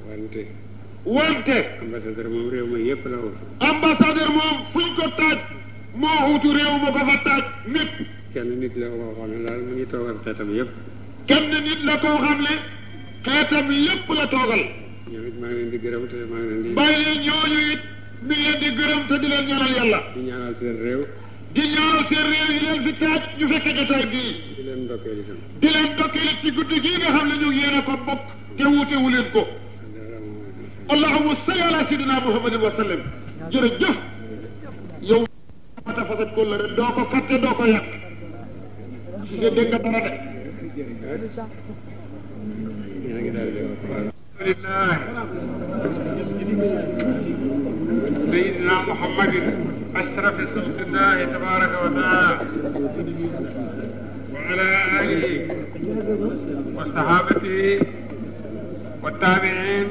wante. wante. ambassadeur moom réew ma yëpp la woon. ambassadeur moom fuñ ko moo wutu réew ma ko fa taaj népp kenn nit la ko xam ne daal mu ngi toogal xeetam yépp kenn nit la koo xam ne xeetam yépp la toogal ñoom it maa ngi leen di gërëm te maa ngi leen di bàyyi leen ñooñu it mi ngi leen di gërëm te di leen ñaanal yàlla di ñaanal seen réew di ñaanal seen réew yi leen fi taaj ñu fekke jotaay bii di leen ndokkeel itam di leen ndokkeel ci guddi gii nga xam ne ñu yéen a ko bokk te wuutewu leen ko allahumma salli ala sayyidina muhammadin wa sallam jërëjëf yow mata fagat kóllëre doo ko fàtte doo ko yàq su dee dégg nga dara de alhamdulillah sayidina muhammadin ashraf xalqillahi tabaraka wa taala wa ala alihi wa sahabatihi wa tabiin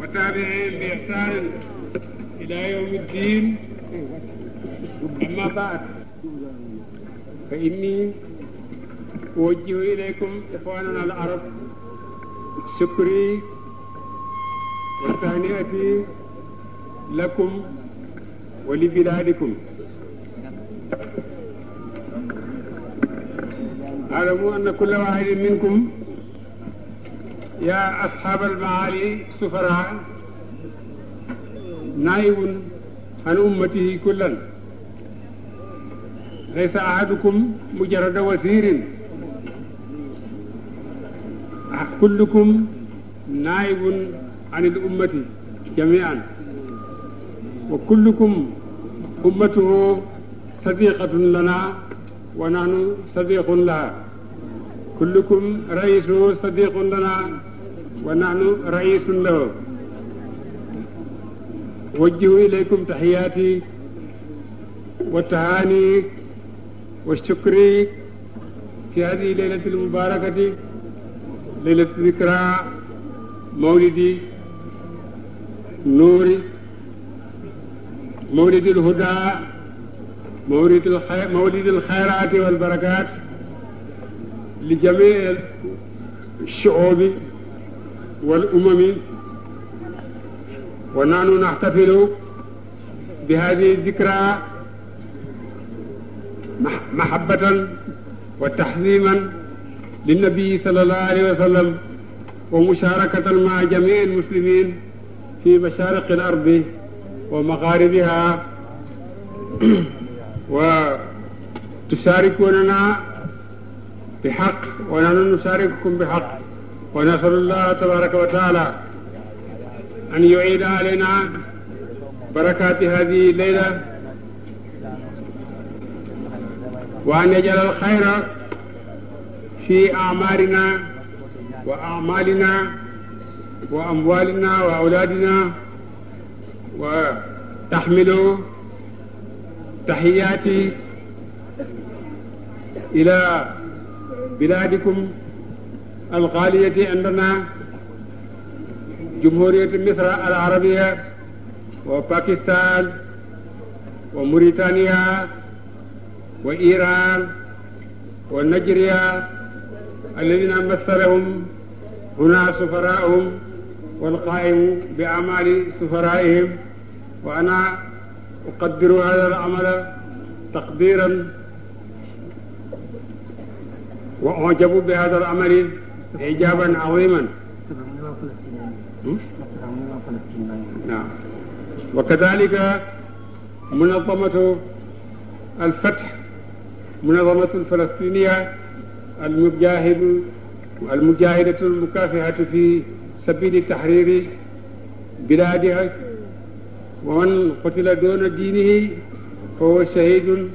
wa tabiin bi ihsan ila yawmi ddin أما بعد فإني أوجه إليكم إخواننا العرب شكري وتهنئتي لكم ولبلادكم اعلموا أن كل واحد منكم يا أصحاب المعالي سفراء نائب an ummatihi kullan laysa ahadukum mujarrada wasirin kullukum naibun anil ummati jamian wa kullukum ummatuhu sadiqatun lana wa nahnu sadiqun laha kullukum raisu sadiqun lana wa nahnu raisun lahu wajjihu ilaykum taxiyaati wa tahaani wa shukri fi hadi leylati almubarakati leylati dikra mawlidi nuuri mawlidi alhuda mawlidi mawlidi alxayraati walbarakaat li jamii shuubi wal umami ونحن نحتفل بهذه الذكرى محبة وتحظيما للنبي صلى الله عليه وسلم ومشاركة مع جميع المسلمين في مشارق الأرض ومغاربها وتشاركوننا بحق ونحن نشارككم بحق ونسأل الله تبارك وتعالى أن يعيد علينا بركات هذه الليلة وأن يجعل الخير في أعمارنا وأعمالنا وأموالنا وأولادنا وتحمل تحياتي إلى بلادكم الغالية عندنا jumhuriyatu misra al arabiya wa pakistan wa mauritania wa iran wa nigeria alladina masalahum huna sufaraahum walqaimu bi amali sufaraihim wa ana uqaddiru hada al amala taqdiran wa ujabu bi hada al amali ijaban aziman naam wa kadalika munazamatu alfath munazamatu alfalastiniya almujahidu almujahidatu almukafihatu fi sabili tahriri biladiha wa man qutila duna diinihi fa huwa shahidun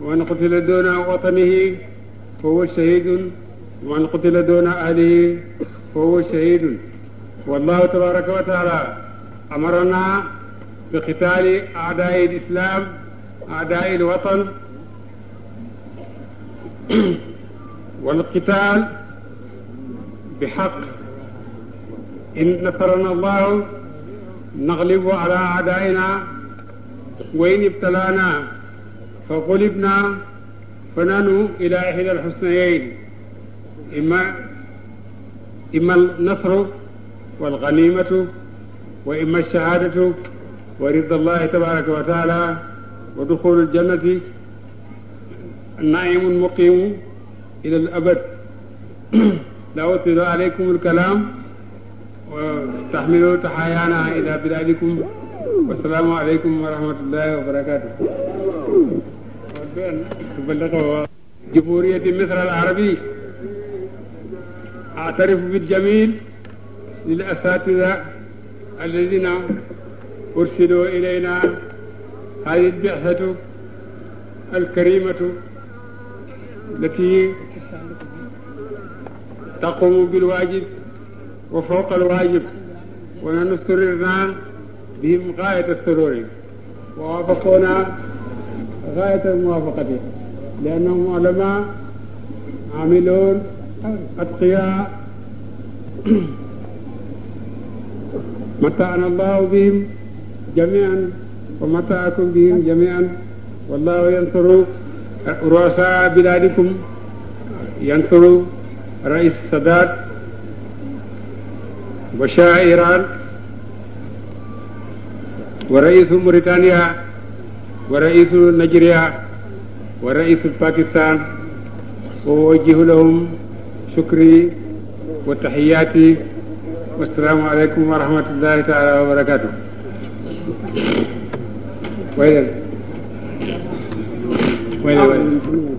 wa man qutila duna watanihi fa huwa shahidun wa man qutila duna ahlihi fa huwa shahidun wallahu tabaraka wa taala amarana bi xitaali aadaai l islam aadaai l watan wal qitaal bi xaq in nasarana allahu naglibu ala aadaina wa in ibtalaana fa gulibna fa nanu ila ihda alxusnayayn imma imma alnasru والغنيمة وإما الشهادة ورضا الله تبارك وتعالى ودخول الجنة نعيم مقيم إلى الأبد لا أطيل عليكم الكلام وتحملوا تحايانا إلى بلادكم والسلام عليكم ورحمة الله وبركاته تبلغه جمهورية مصر العربي أعترف بالجميل للأساتذة الذين أرسلوا إلينا هذه البعثة الكريمة التي تقوم بالواجب وفوق الواجب ونحن سررنا بهم غاية السرور ووافقونا غاية الموافقة لأنهم علماء عاملون أتقياء mataana allahu bihim jamian wa mataakum bihim jamian wallahu yansuru rosa biladikum yansuru rais sadat wa shaa iran wa raisu mauritania wa raisu nigeria wa raisu pakistan wa wajihu lahum shukri wa tahiyati asalaamaaleykum wa rahmatullahi taala wa barakaatu wayel wayel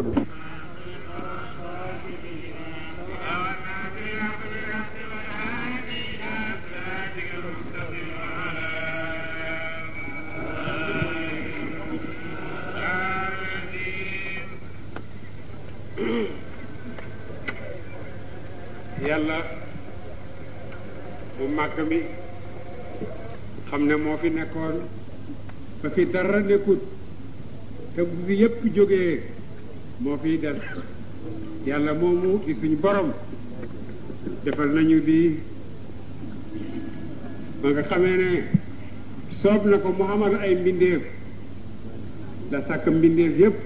fi nekkoon ba fi dara nekkut te bu fi yépp jógee moo fiy des yàlla moomu di suñ borom defal nañu bi ma nga xamee ne soob na ko mu amal ay mbindeef la sàkk mbindeef yépp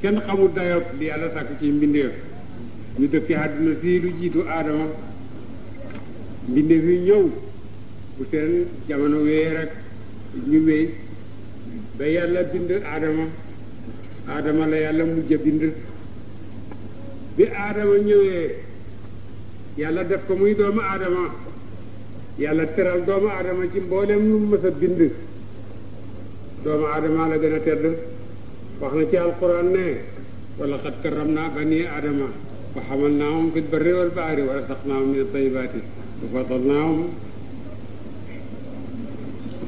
kenn xamul dayoo di yàlla sàkk ci mbindeef ñu dëkk àdduna si lu jiitu aadama mbindeef yi ñëw bu seen jamono wéyee rek ñu wéy ba yàlla bind aadama aadama la yàlla mujj a bind bi aadama ñëwee yàlla def ko muy doomu aadama yàlla teral doomu aadama ci mboolem lu mës bind doomu aadama la gën a tedd wax na ci alquran ne wala xat karam naa bani aadama wa xamal naahum fi lbarri wal bahri wa rasaq naahum min atayibaati wa fadal naahum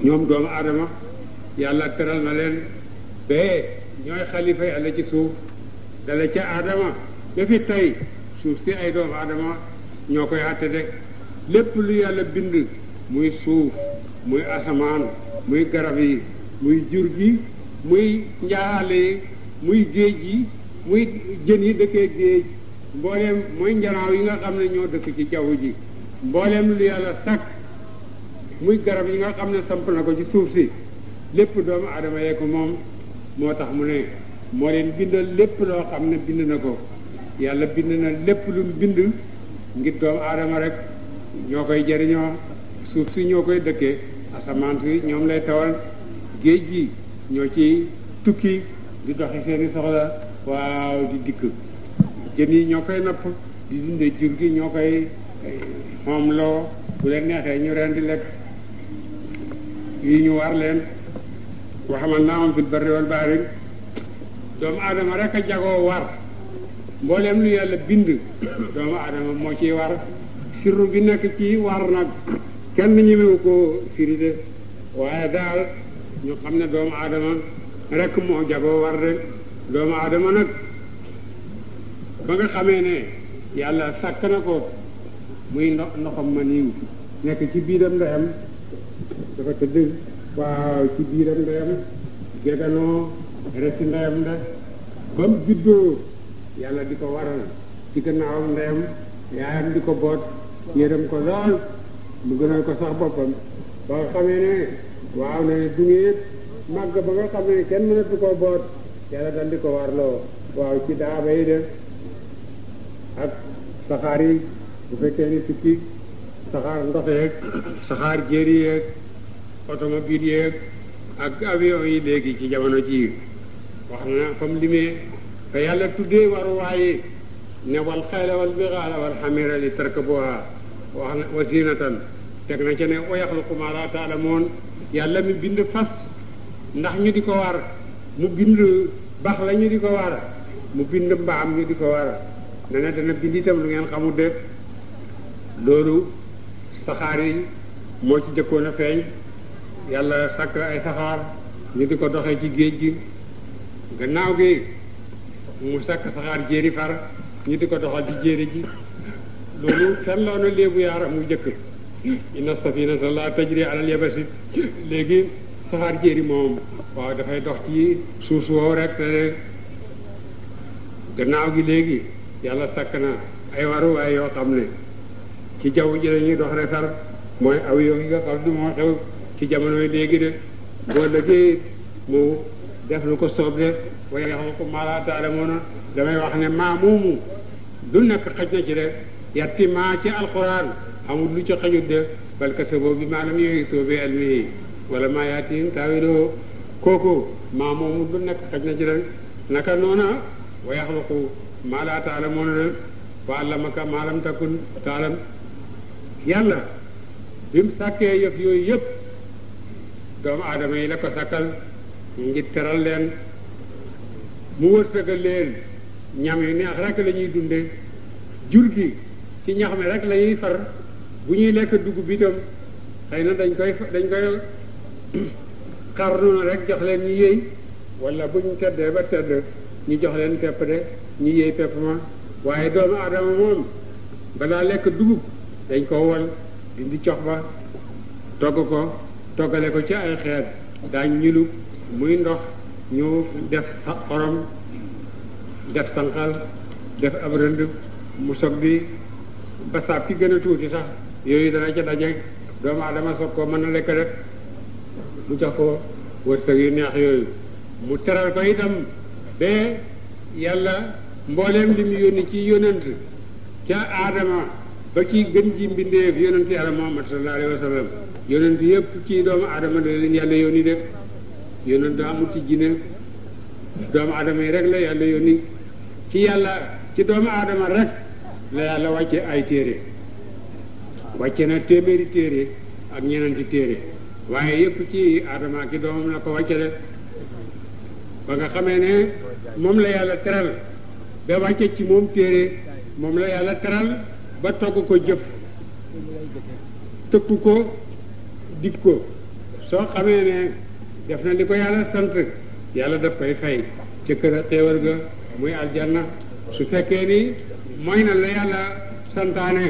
ñoom doomu aadama yàlla tëral na leen bee ñooy xalifa yàlla ci suuf dale ca aadama ba tey suuf si ay doomu aadama ñoo koy àtte de lépp lu yàlla bind muy suuf muy asamaan muy garab yi muy jur gi muy njaaxaale yi muy géej yi muy jën yi dëkkee géej mbooleem muy njanaaw yi nga xam ne ñoo dëkk ci jaww ji mbooleem lu yàlla sàkk muy garab yi nga xam ne samp na ko ci suuf si lépp doomu aadama yee ko moom moo tax mu ne moo leen bindal lépp loo xam ne bind na ko yàlla bind na lépp lu mu bind ngir doomu aadama rek ñoo koy jariñoo suuf si ñoo koy dëkkee asamaan si ñoom lay tawal géej gi ñoo ci tukki di doxi seeni soxla waaw di dikk jën yi ñoo koy napp di dundee jur gi ñoo koy eh, moom loo bu leen neexee ñu di lekk yi war leen waxamal naa moom fi barri wal bahri doomu aadama rek a jagoo war mboolem lu yàlla bind doomu aadama moo ciy war sirru bi nekk ci war nag kenn ñemewu ko firide waaye daal ñu xam ne doomu aadama rek moo jagoo war de doomu aadama nag ba nga xamee ne yàlla sàkk na ko muy ndox ma niiw nekk ci biiram ndoxam dafa tëdd waaw ci biiram ndeyam geganoo reti ndeyam de ba mu juddoo yàlla di ko waral ci gannaawam ndeyam yaayam di ko boot yërëm ko lool mu gënal ko sax boppam ba nga xamee ne waaw ne du ñu yëpp màgg ba nga xamee ne kenn mënatu koo boot yàlla dal di ko warloo waaw ci daaba yi def ak saxaar yi bu fekkee ni tukki saxaar ndox automobile yeeg ak avion yi léegi ci jamono ji wax na comme limee te yàlla tuddee waruwaay ne wal xayla wal bixaala wal xamira li wax na wa ca ne wa yaxluqu ma la taalamoon yàlla mi bind fas ndax ñu di ko war mu bind bax la di ko war mu bind mbaam ñu di ko war ne ne dana bind itam lu ngeen xamul de loolu saxaar yi moo ci jëkkoon a feeñ yàlla sàkk ay saxaar ñu di ko doxee ci géej gi gannaaw gi mu sakk saxaar jéeri far ñu di ko doxal ci jéeri ji loolu kenn loonu léebu yaaram mu jëkk inna safinata la tajri alal yabasi léegi saxaar jéeri moom waaw dafay dox ci suuf su wow rek yàlla sàkk na ay waruwaay yoo xam ne ci jaww ji la ñuy dox refar mooy aw nga xam ne moo xew ci jamonoy léegi de boo lëggee mu def lu ko soob de waaye waxu ko malaataale na damay wax ne maa lu nekk xaj na ci de yatti maa ci alxuraan amul lu ci xajut de balka sa boobu bi maanaam yooyu soobee almihi wala maa yaatiin taawiloo kooku maa moomu lu nekk xaj na ci de naka noona wa yaxluqu maa laa taalamuuna de wa allamaka maa lam takun taalam yàlla bi mu sàkkee yëf yooyu yëpp doomu aadama yi la ko sakkal ngir teral leen mu wërsëgal leen ñam yu neex rek lañuy ñuy dunde jur gi ci ñax mi rek la far bu ñuy lekk dugub bi itam xëy na dañ koy dañ koy *clears throat* xar na rek jox leen ñu yëy wala bu ñu teddee ba tedd ñu jox leen pepp de ñu yëy pepp ma waaye doomu aadama moom balaa lekk dugub dañ koo wol dindi cox ba togg ko toggale ko ci ay xeer daañ ñilu muy ndox ñu def xorom def sanqal def ab rënd mu soog bi basaab ki gën a tuuti sax yooyu dana ca daje doomu adama soog koo mën a lekk rek mu jox ko wërsëg yu neex yooyu mu teral ko itam bee yàlla mbooleem li mu yónni ci yónent ca aadama ba ci gën ji mbindeef yónent yàlla Muhammad sallallahu alayhi wa sallam yonent yëpp ci doomu adama da leen yàlla yónni def yonent amul ci jinne doomu aadama yi rek la yàlla nii ci yàlla ci doomu aadama rek la yàlla wàcce ay téere wàcce na téeméeri téere ak ñeneenti téere waaye yëpp ci aadama ki doomam la ko wàcce def ba nga xamee ne moom la yàlla teral ba wàcce ci moom téere moom la yàlla teral ba togg ko jëf tëkku ko dig ko soo xamee ne def na li ko yàlla sant yàlla def koy fay ci kër a xéewal ga muy aljanna su fekkee ni mooy na la yàlla santaane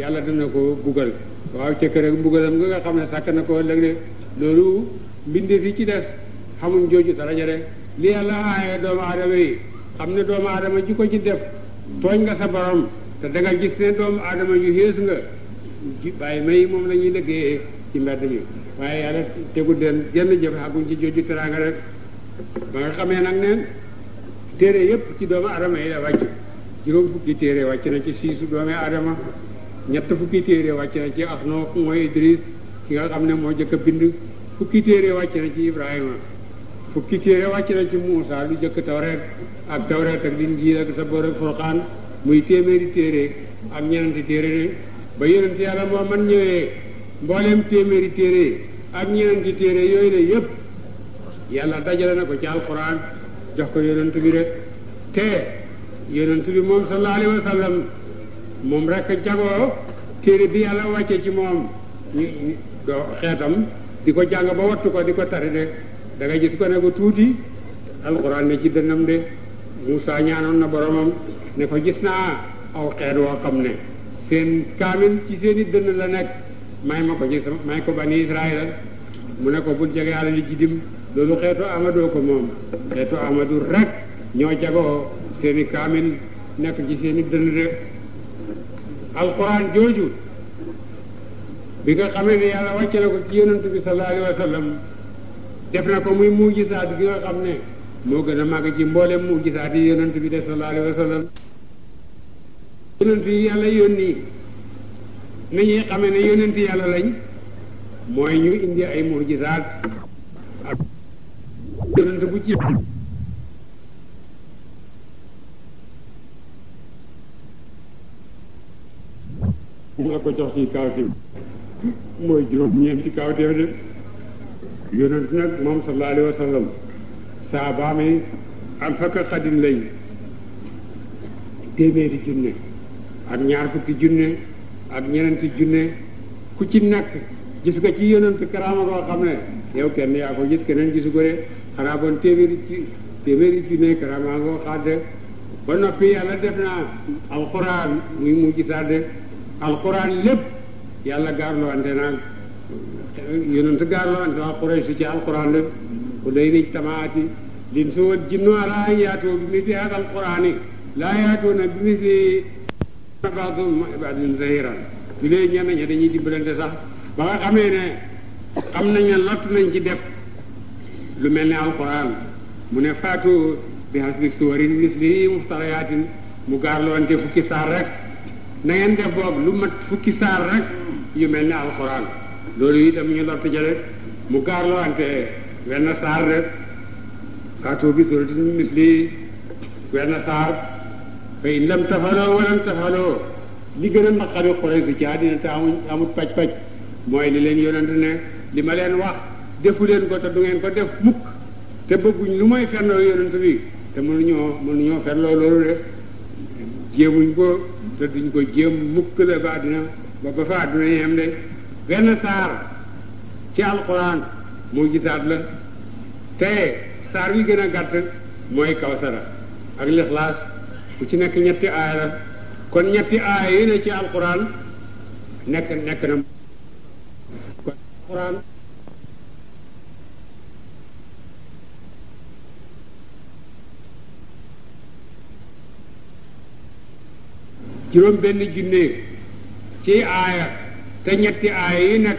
yàlla dina ko buggal waaw ci kër ak mbugalam nga nga xam ne sàkk na ko ëllëg de loolu mbindeef yi ci des xamuñ jooju daraja de li yàlla aaye doomu aadama yi xam ne doomu aadama ji ko ci def tooñ nga sa borom te da nga gis ne doomu aadama yu xées nga bàyyi may moom la ñuy liggéeyee ci mbedd mi waaye yàlla tegul den jenn jëf xaguñ ci jooju teraanga rek ba nga xamee nag neen téere yépp ci doomu adama yi la wàcc juróom fukki téere wàcc na ci siisu doomu adama ñett fukki téere wàcc na ci Axnoox mooy Idris moo jëkk a bind fukki téere wàcc na ci Ibrahima fukki wàcc na ci Muusa lu jëkk tawreet ak tawreet ak Linjiil ak sa ak Furqaan muy téeméeri téere ak ñeenti téere ba yonent yàlla Muhammad ñëwee mbooleem téeméeri téere ak ñeenti téere yooyu ne yépp yàlla dajale na ko ci alxuraan jox ko yonent bi rek te yonent bi moom sallallahu alayhi wa sallam moom rek jagoo téere bi yàlla wàcce ci moom ñu xeetam di ko jàng ba wattu ko di ko tari de da nga gis ko ne ko tuuti alquran ne ci dënnam de Moussa ñaanoon na boromam ne ko gis naa aw xeet woo xam ne seen kaamil ci seen dënn la nekk may ma ko ci sama may ko bani Israël mu ne ko bul jege alali jidim loolu xeetu amadoo ko moom xeetu amadu rek ñoo jagoo seeni kaamil nekk ci seeni dënn de alquran jooju bi nga xamee ne yàlla wàcce na ko ci yonent bi sallallahu alayhi wa sallam def na ko muy mujisaat gi nga xam ne moo gën a màgg ci mboolem mujisaat yi yonent bi de sallallahu laa wa sallam yonent yi yàlla yónni li ñuy xamee ne yonent yàlla lañ mooy ñu indi ay mujizaat ak yonent bu ci nga ko jox ci kawteef mooy juróom-ñeent ci kawteef de yonent nag moom sallallahu alayhi wa am fakk xadim lañ téeméeri junne ak ñaar fukki junne ak ñeneenti junne ku ci nekk gis nga ci yonent karaama koo xam ne yow kenn yaa ko gis keneen gisu ko de xanaa bon téeméeri ci téeméeri junne karaama ngoo xaadde ba noppi yàlla def naa alxuraan muy mujj saadde alxuraan lépp yàlla gaarloo ante naag yonent gaarloo ante waa Quraysh ci alxuraan lépp ku day ni tamaati lin soo jinnu alaa yaatoo bi misli hada alxuraan yi laa yaatoo na bi misli na ba'duhum ba'dan dañuy dimbalante sax ba nga xamee ne xam nañ ci def lu mel ne alquran ne faatu bi hasbi suwarin mislihi muftariyatin fukki saar rek na ngeen def boobu lu mat fukki saar rek yu mel ne alquran loolu itam ñu lott ja rek mu gaarloonte wenn saar rek faatu bi suratin mislihi wenn saar fa in lam tafaloo walam tafaloo li gën a naqari Quraysh ci àddina te amuñ amut paj-paj mooy li leen yonent ne li ma leen wax defu leen ko te du ngeen ko def mukk te bëgguñ lu mooy fernoo yonent bi te mënuñoo mënuñoo ferloo loolu de jéemuñ ko te duñ ko jéem mukk la ba àddina ba ba fa àddina yi am de benn saar ci alxuraan moo gisaat la te saar wi gën a gàtt mooy kawsara ak lixlaas ku ci nekk ñetti aaya la kon ñetti aaya yi ne ci alquran nekk nekk na kon alquran juróom benn junne ci aaya te ñetti aaya yi nag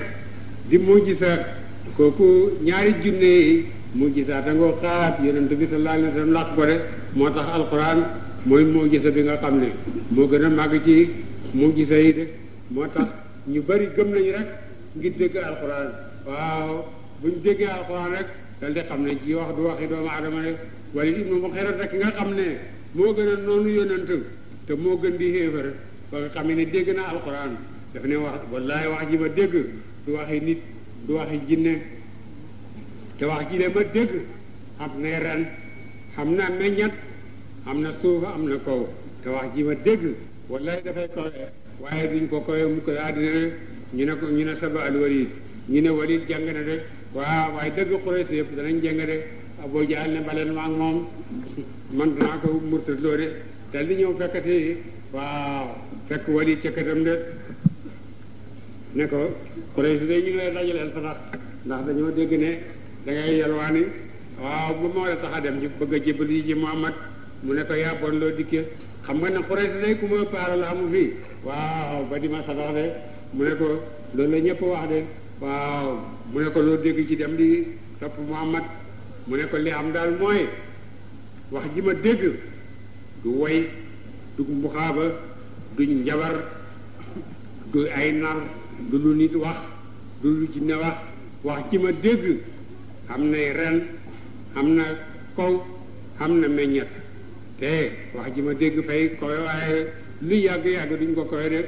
di mujjisa kooku ñaari junne yi mujjisa te ngoo xaaraat yonent bi sallallahu tax alquran mooy moo gisa bi nga xam ne moo gën a màgg ci mu gisa yi de moo tax ñu bari gëm nañu rek ngir dégg alxuraan waaw bu ñu déggee alxuraan rek dal xam ne ci wax du waxi doomu aadama ne moo gën a moo gën di dégg na alxuraan daf ne wax wallaay wax ji ma dégg du waxi nit du waxi jinne te wax ji le ma dégg xam ne ren xam naa meññat am na suuf am na kaw te wax ji ma dégg wallahi dafay kawe waaye duñ ko kawe mu ko àddina ne ñu ne ko ñu ne saba al walid ñu ne walid jàng na de waaw waaye dëgg xurees yëpp danañ jàng de aboo ne baleen ma moom *laughs* man danaa ko murtat di ñëw fekkati waaw fekk walid ca ne ko ñu lay ndax dañoo dégg da ngay yalwaani waaw bu tax a dem ci bëgg a jébal yi ci Muhammad mu ne ko yaa loo dikkee xam nga ne Quraysh day ku ma paaral amu fii waaw ba di ma sadox mu ne ko loolu la wax de waaw mu ne ko loo dégg ci dem di topp Muhammad mu ne ko li am daal mooy wax ji ma dégg du woy du mbuxaaba du njabar du ay nar du lu nit wax du lu jinne wax wax ji ma dégg am nay ren am na kaw am na meññet te wax ji ma dégg fay koy waaye lu yàgg yàgg duñ ko koy de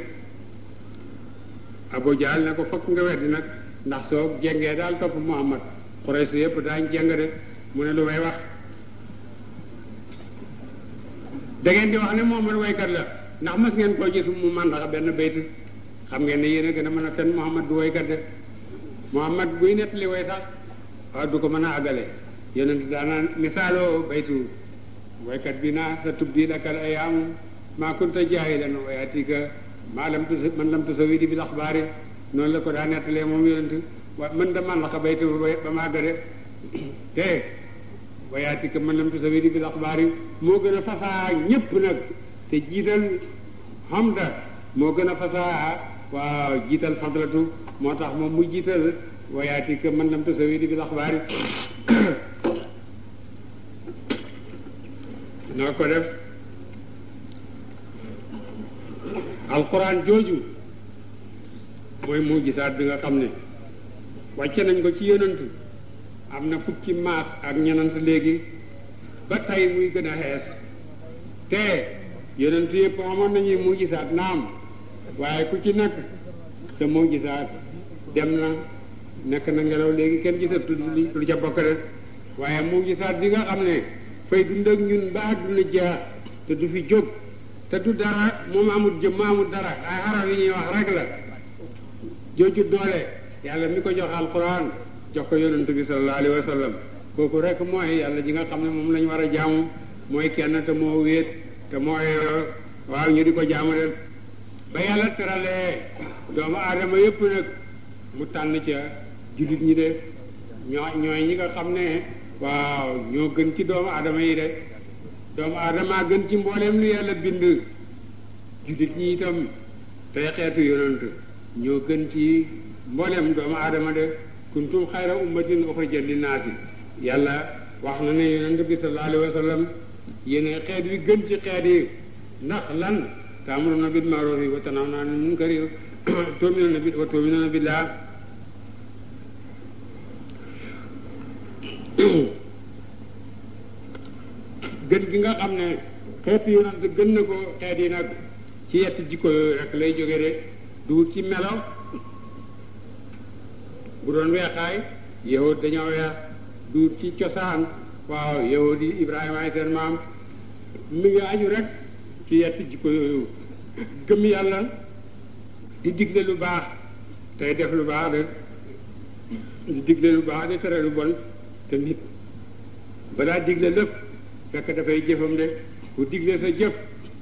Abu Jahl ne ko fokk nga weddi nag ndax soo jengee daal topp Muhammad Quraysh yépp daañ jeng de mu ne lu may wax da ngeen di wax ne Muhammad waykat la ndax mas ngeen koo gis mu màndax benn bayt xam ngeen ne yéen gën a mën a fen Muhammad du waykat de Muhammad buy nettali way sax waaw du ko mën a àggale yonent daana misaaloo baytu waykat bi naa sa tubdi lakal ayaamu maa kunta jaahilan wa yaatika maa lam tusa man lam tusa wii di bil axbaari noonu la ko daa nettalee moom yonent wa man da man la ko baytu ba màgga de te wa yaatika man lam wii di bil axbaari moo gën a fasaa ñépp nag te jiital hamda moo gën a fasaa waaw jiital fadlatu moo tax moom mu jiital wa yaatika man lam tusa wii di bil axbaari naa ko def alquran jooju mooy mu gisaat bi nga xam ne wàcce nañ ko ci yonantu am na fukki maas ak ñenant léegi ba tey muy gën a xees te yonantu yëpp amoon nañu mu gisaat naam waaye ku ci nekk sa mu gisaat dem na nekk na ngelaw léegi kenn gisatu lu ca bokk rek waaye mu gisaat bi nga xam ne fay dund ak ñun ba àdduna jeex te du fi jóg te du dara moom amul jëmm amul dara ay xaraf yi ñuy wax rek la jooju doole yàlla mi ko jox alquran jox ko yonent bi sallallahu kooku rek mooy ji nga xam ne moom lañ war a jaamu mooy kenn te waaw ñu di ko jaamu ba yàlla teralee doomu aadama yépp nag mu tànn ca jullit ñi de ñoo ñooy ñi nga xam ne waaw ñoo gën ci doomu adama yi de doomu adama gën ci mbooleem lu yàlla bind jullit ñi itam tey xeetu yonent ñoo gën ci mboolem doomu adama de kuntum xayra di uxrijat linnaasi yàlla wax na ne yonent bi sallallahu alayhi wa sallam xeet wi gën ci xeet yi ndax lan taamuruna bil ma'rufi wa tanhawna anil munkari tu'minuna bi wa tu'minuna billah *coughs* gën gi nga xam ne xeetu yonent gën yi nag ci yetti jikko yooyu rek lay jóge de du ci melo bu doon weexaay yahud dañoo weex du ci cosaan waaw yahud yi Ibrahima ay seen maam mi ngi aju rek ci yetti jikko yooyu gëm yàlla di digle lu baax tey def lu baax di digle lu baax di tere lu bon te balaa digle lépp fekk dafay jëfam de ku digle sa jëf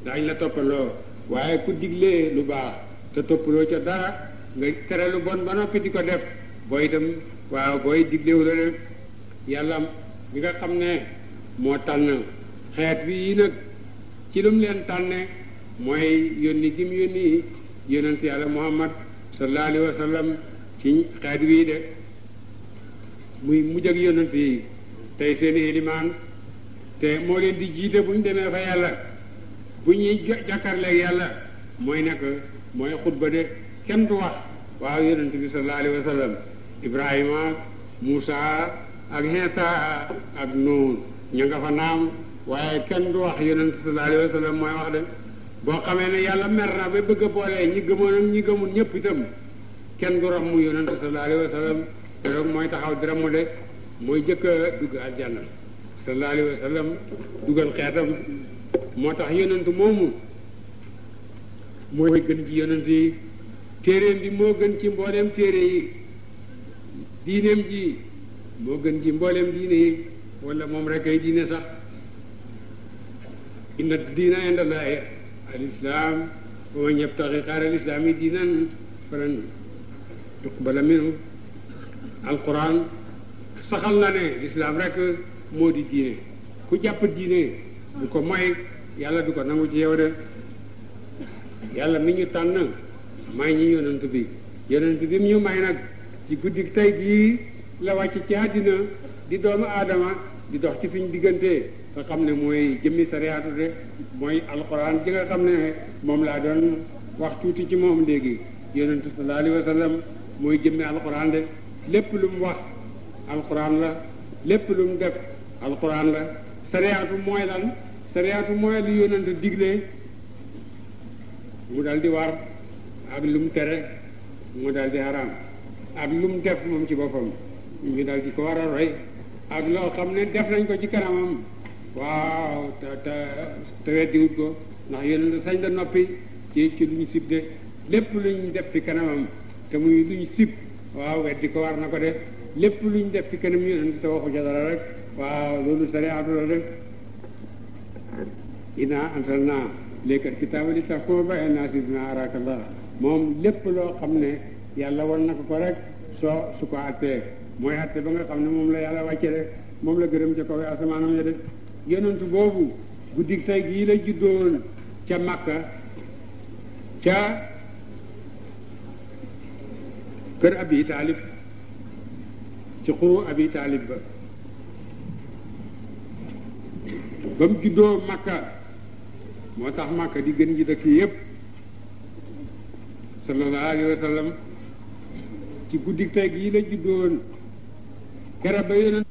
daañ la toppaloo waaye ku diglee lu baax te toppaloo ca dara nga tere lu bon ba noppi di ko def booy itam waaw booy diglewu la de yàlla mi nga xam ne moo tànn xeet bi nag ci lu mu leen tànne mooy yónni gi mu yónni si yàlla muhammad sallallahu alayhi wa sallam ci xeet wii de muy mujj ak yonent yi tey seeni ilimaan te moo leen di jiite bu ñu demee fa yàlla bu ñuy jàkkaarleeg yàlla mooy nekk mooy xutba de kenn du wax waaw yonent bi sallallahu alayhi wa sallam ak Insa ak ña nga fa naam waaye kenn du wax yonent sallallahu alayhi wa sallam mooy wax de boo xamee ne yàlla mer na ba bëgg a boolee ñi gëmoon ak ñi gëmul ñëpp itam kenn du ram mu yonent sallallahu alayhi wa loolu mooy taxaw di ramule mooy jëkk a dugg aljanna sallallahu alayhi wa sallam dugal xeetam moo tax yonentu moomu mooy gën ci yonent yi téeréem bi moo gën ci mbooleem téere yi diineem ji moo gën ci mbooleem diine yi wala moom rek ay diine sax inna diina indallahi al islam wa man yabtaxi xaara al islaami diinan alquran saxal na ne lislaam rek moo di diine ku jàpp diine bu ko moy yàlla du ko nangu ci yow de yàlla mi ñu tànn may ñi yonent bi yonent bi mu ñu may nag ci guddi tey gii la wàcc ci àddina di doomu aadama di dox ci suñ diggante nga xam ne mooy jëmmi sariyaatu de mooy alquran ji nga xam ne moom laa doon wax tuuti ci moom léegi yonent sallallahu alayhi wa sallam mooy jëmmi alquran de lépp lu mu wax alquran la lépp lu def alquran la sariyaatu mooy lan sariyaatu mooy lu yónnante digle mu dal di war ak lu mu tere mu dal di haram ak lu mu def moom ci boppam ñu dal di ko war a roy ak loo xam ne def nañ ko ci kanamam waaw te te te weddiwut ko ndax yónnante sañ la noppi ci ci lu ñu sib de lépp lu ñu def ci kanamam te muy lu ñu sib waaw weddi ko war na ko de lépp luñ def ci kanam yonent te waxu ca dara rek waaw loolu sariyaatu la rek inaa antal naa léekat kitaaba li tax koo bàyyi naa si dina arakallah moom lépp loo xam ne yàlla wan na ko ko rek su ko àttee mooy ba nga xam ne moom la yàlla wàcce la gërëm ca kaw asamaanam ya de yonentu boobu guddig tey gii la juddoo ca Makka ca kër abi taalib ci xuru abi ba ba mu juddoo makka moo tax makka di gën ji dëkk yépp sallallahu alayhi ci guddi teg yi la juddoon kera ba yonent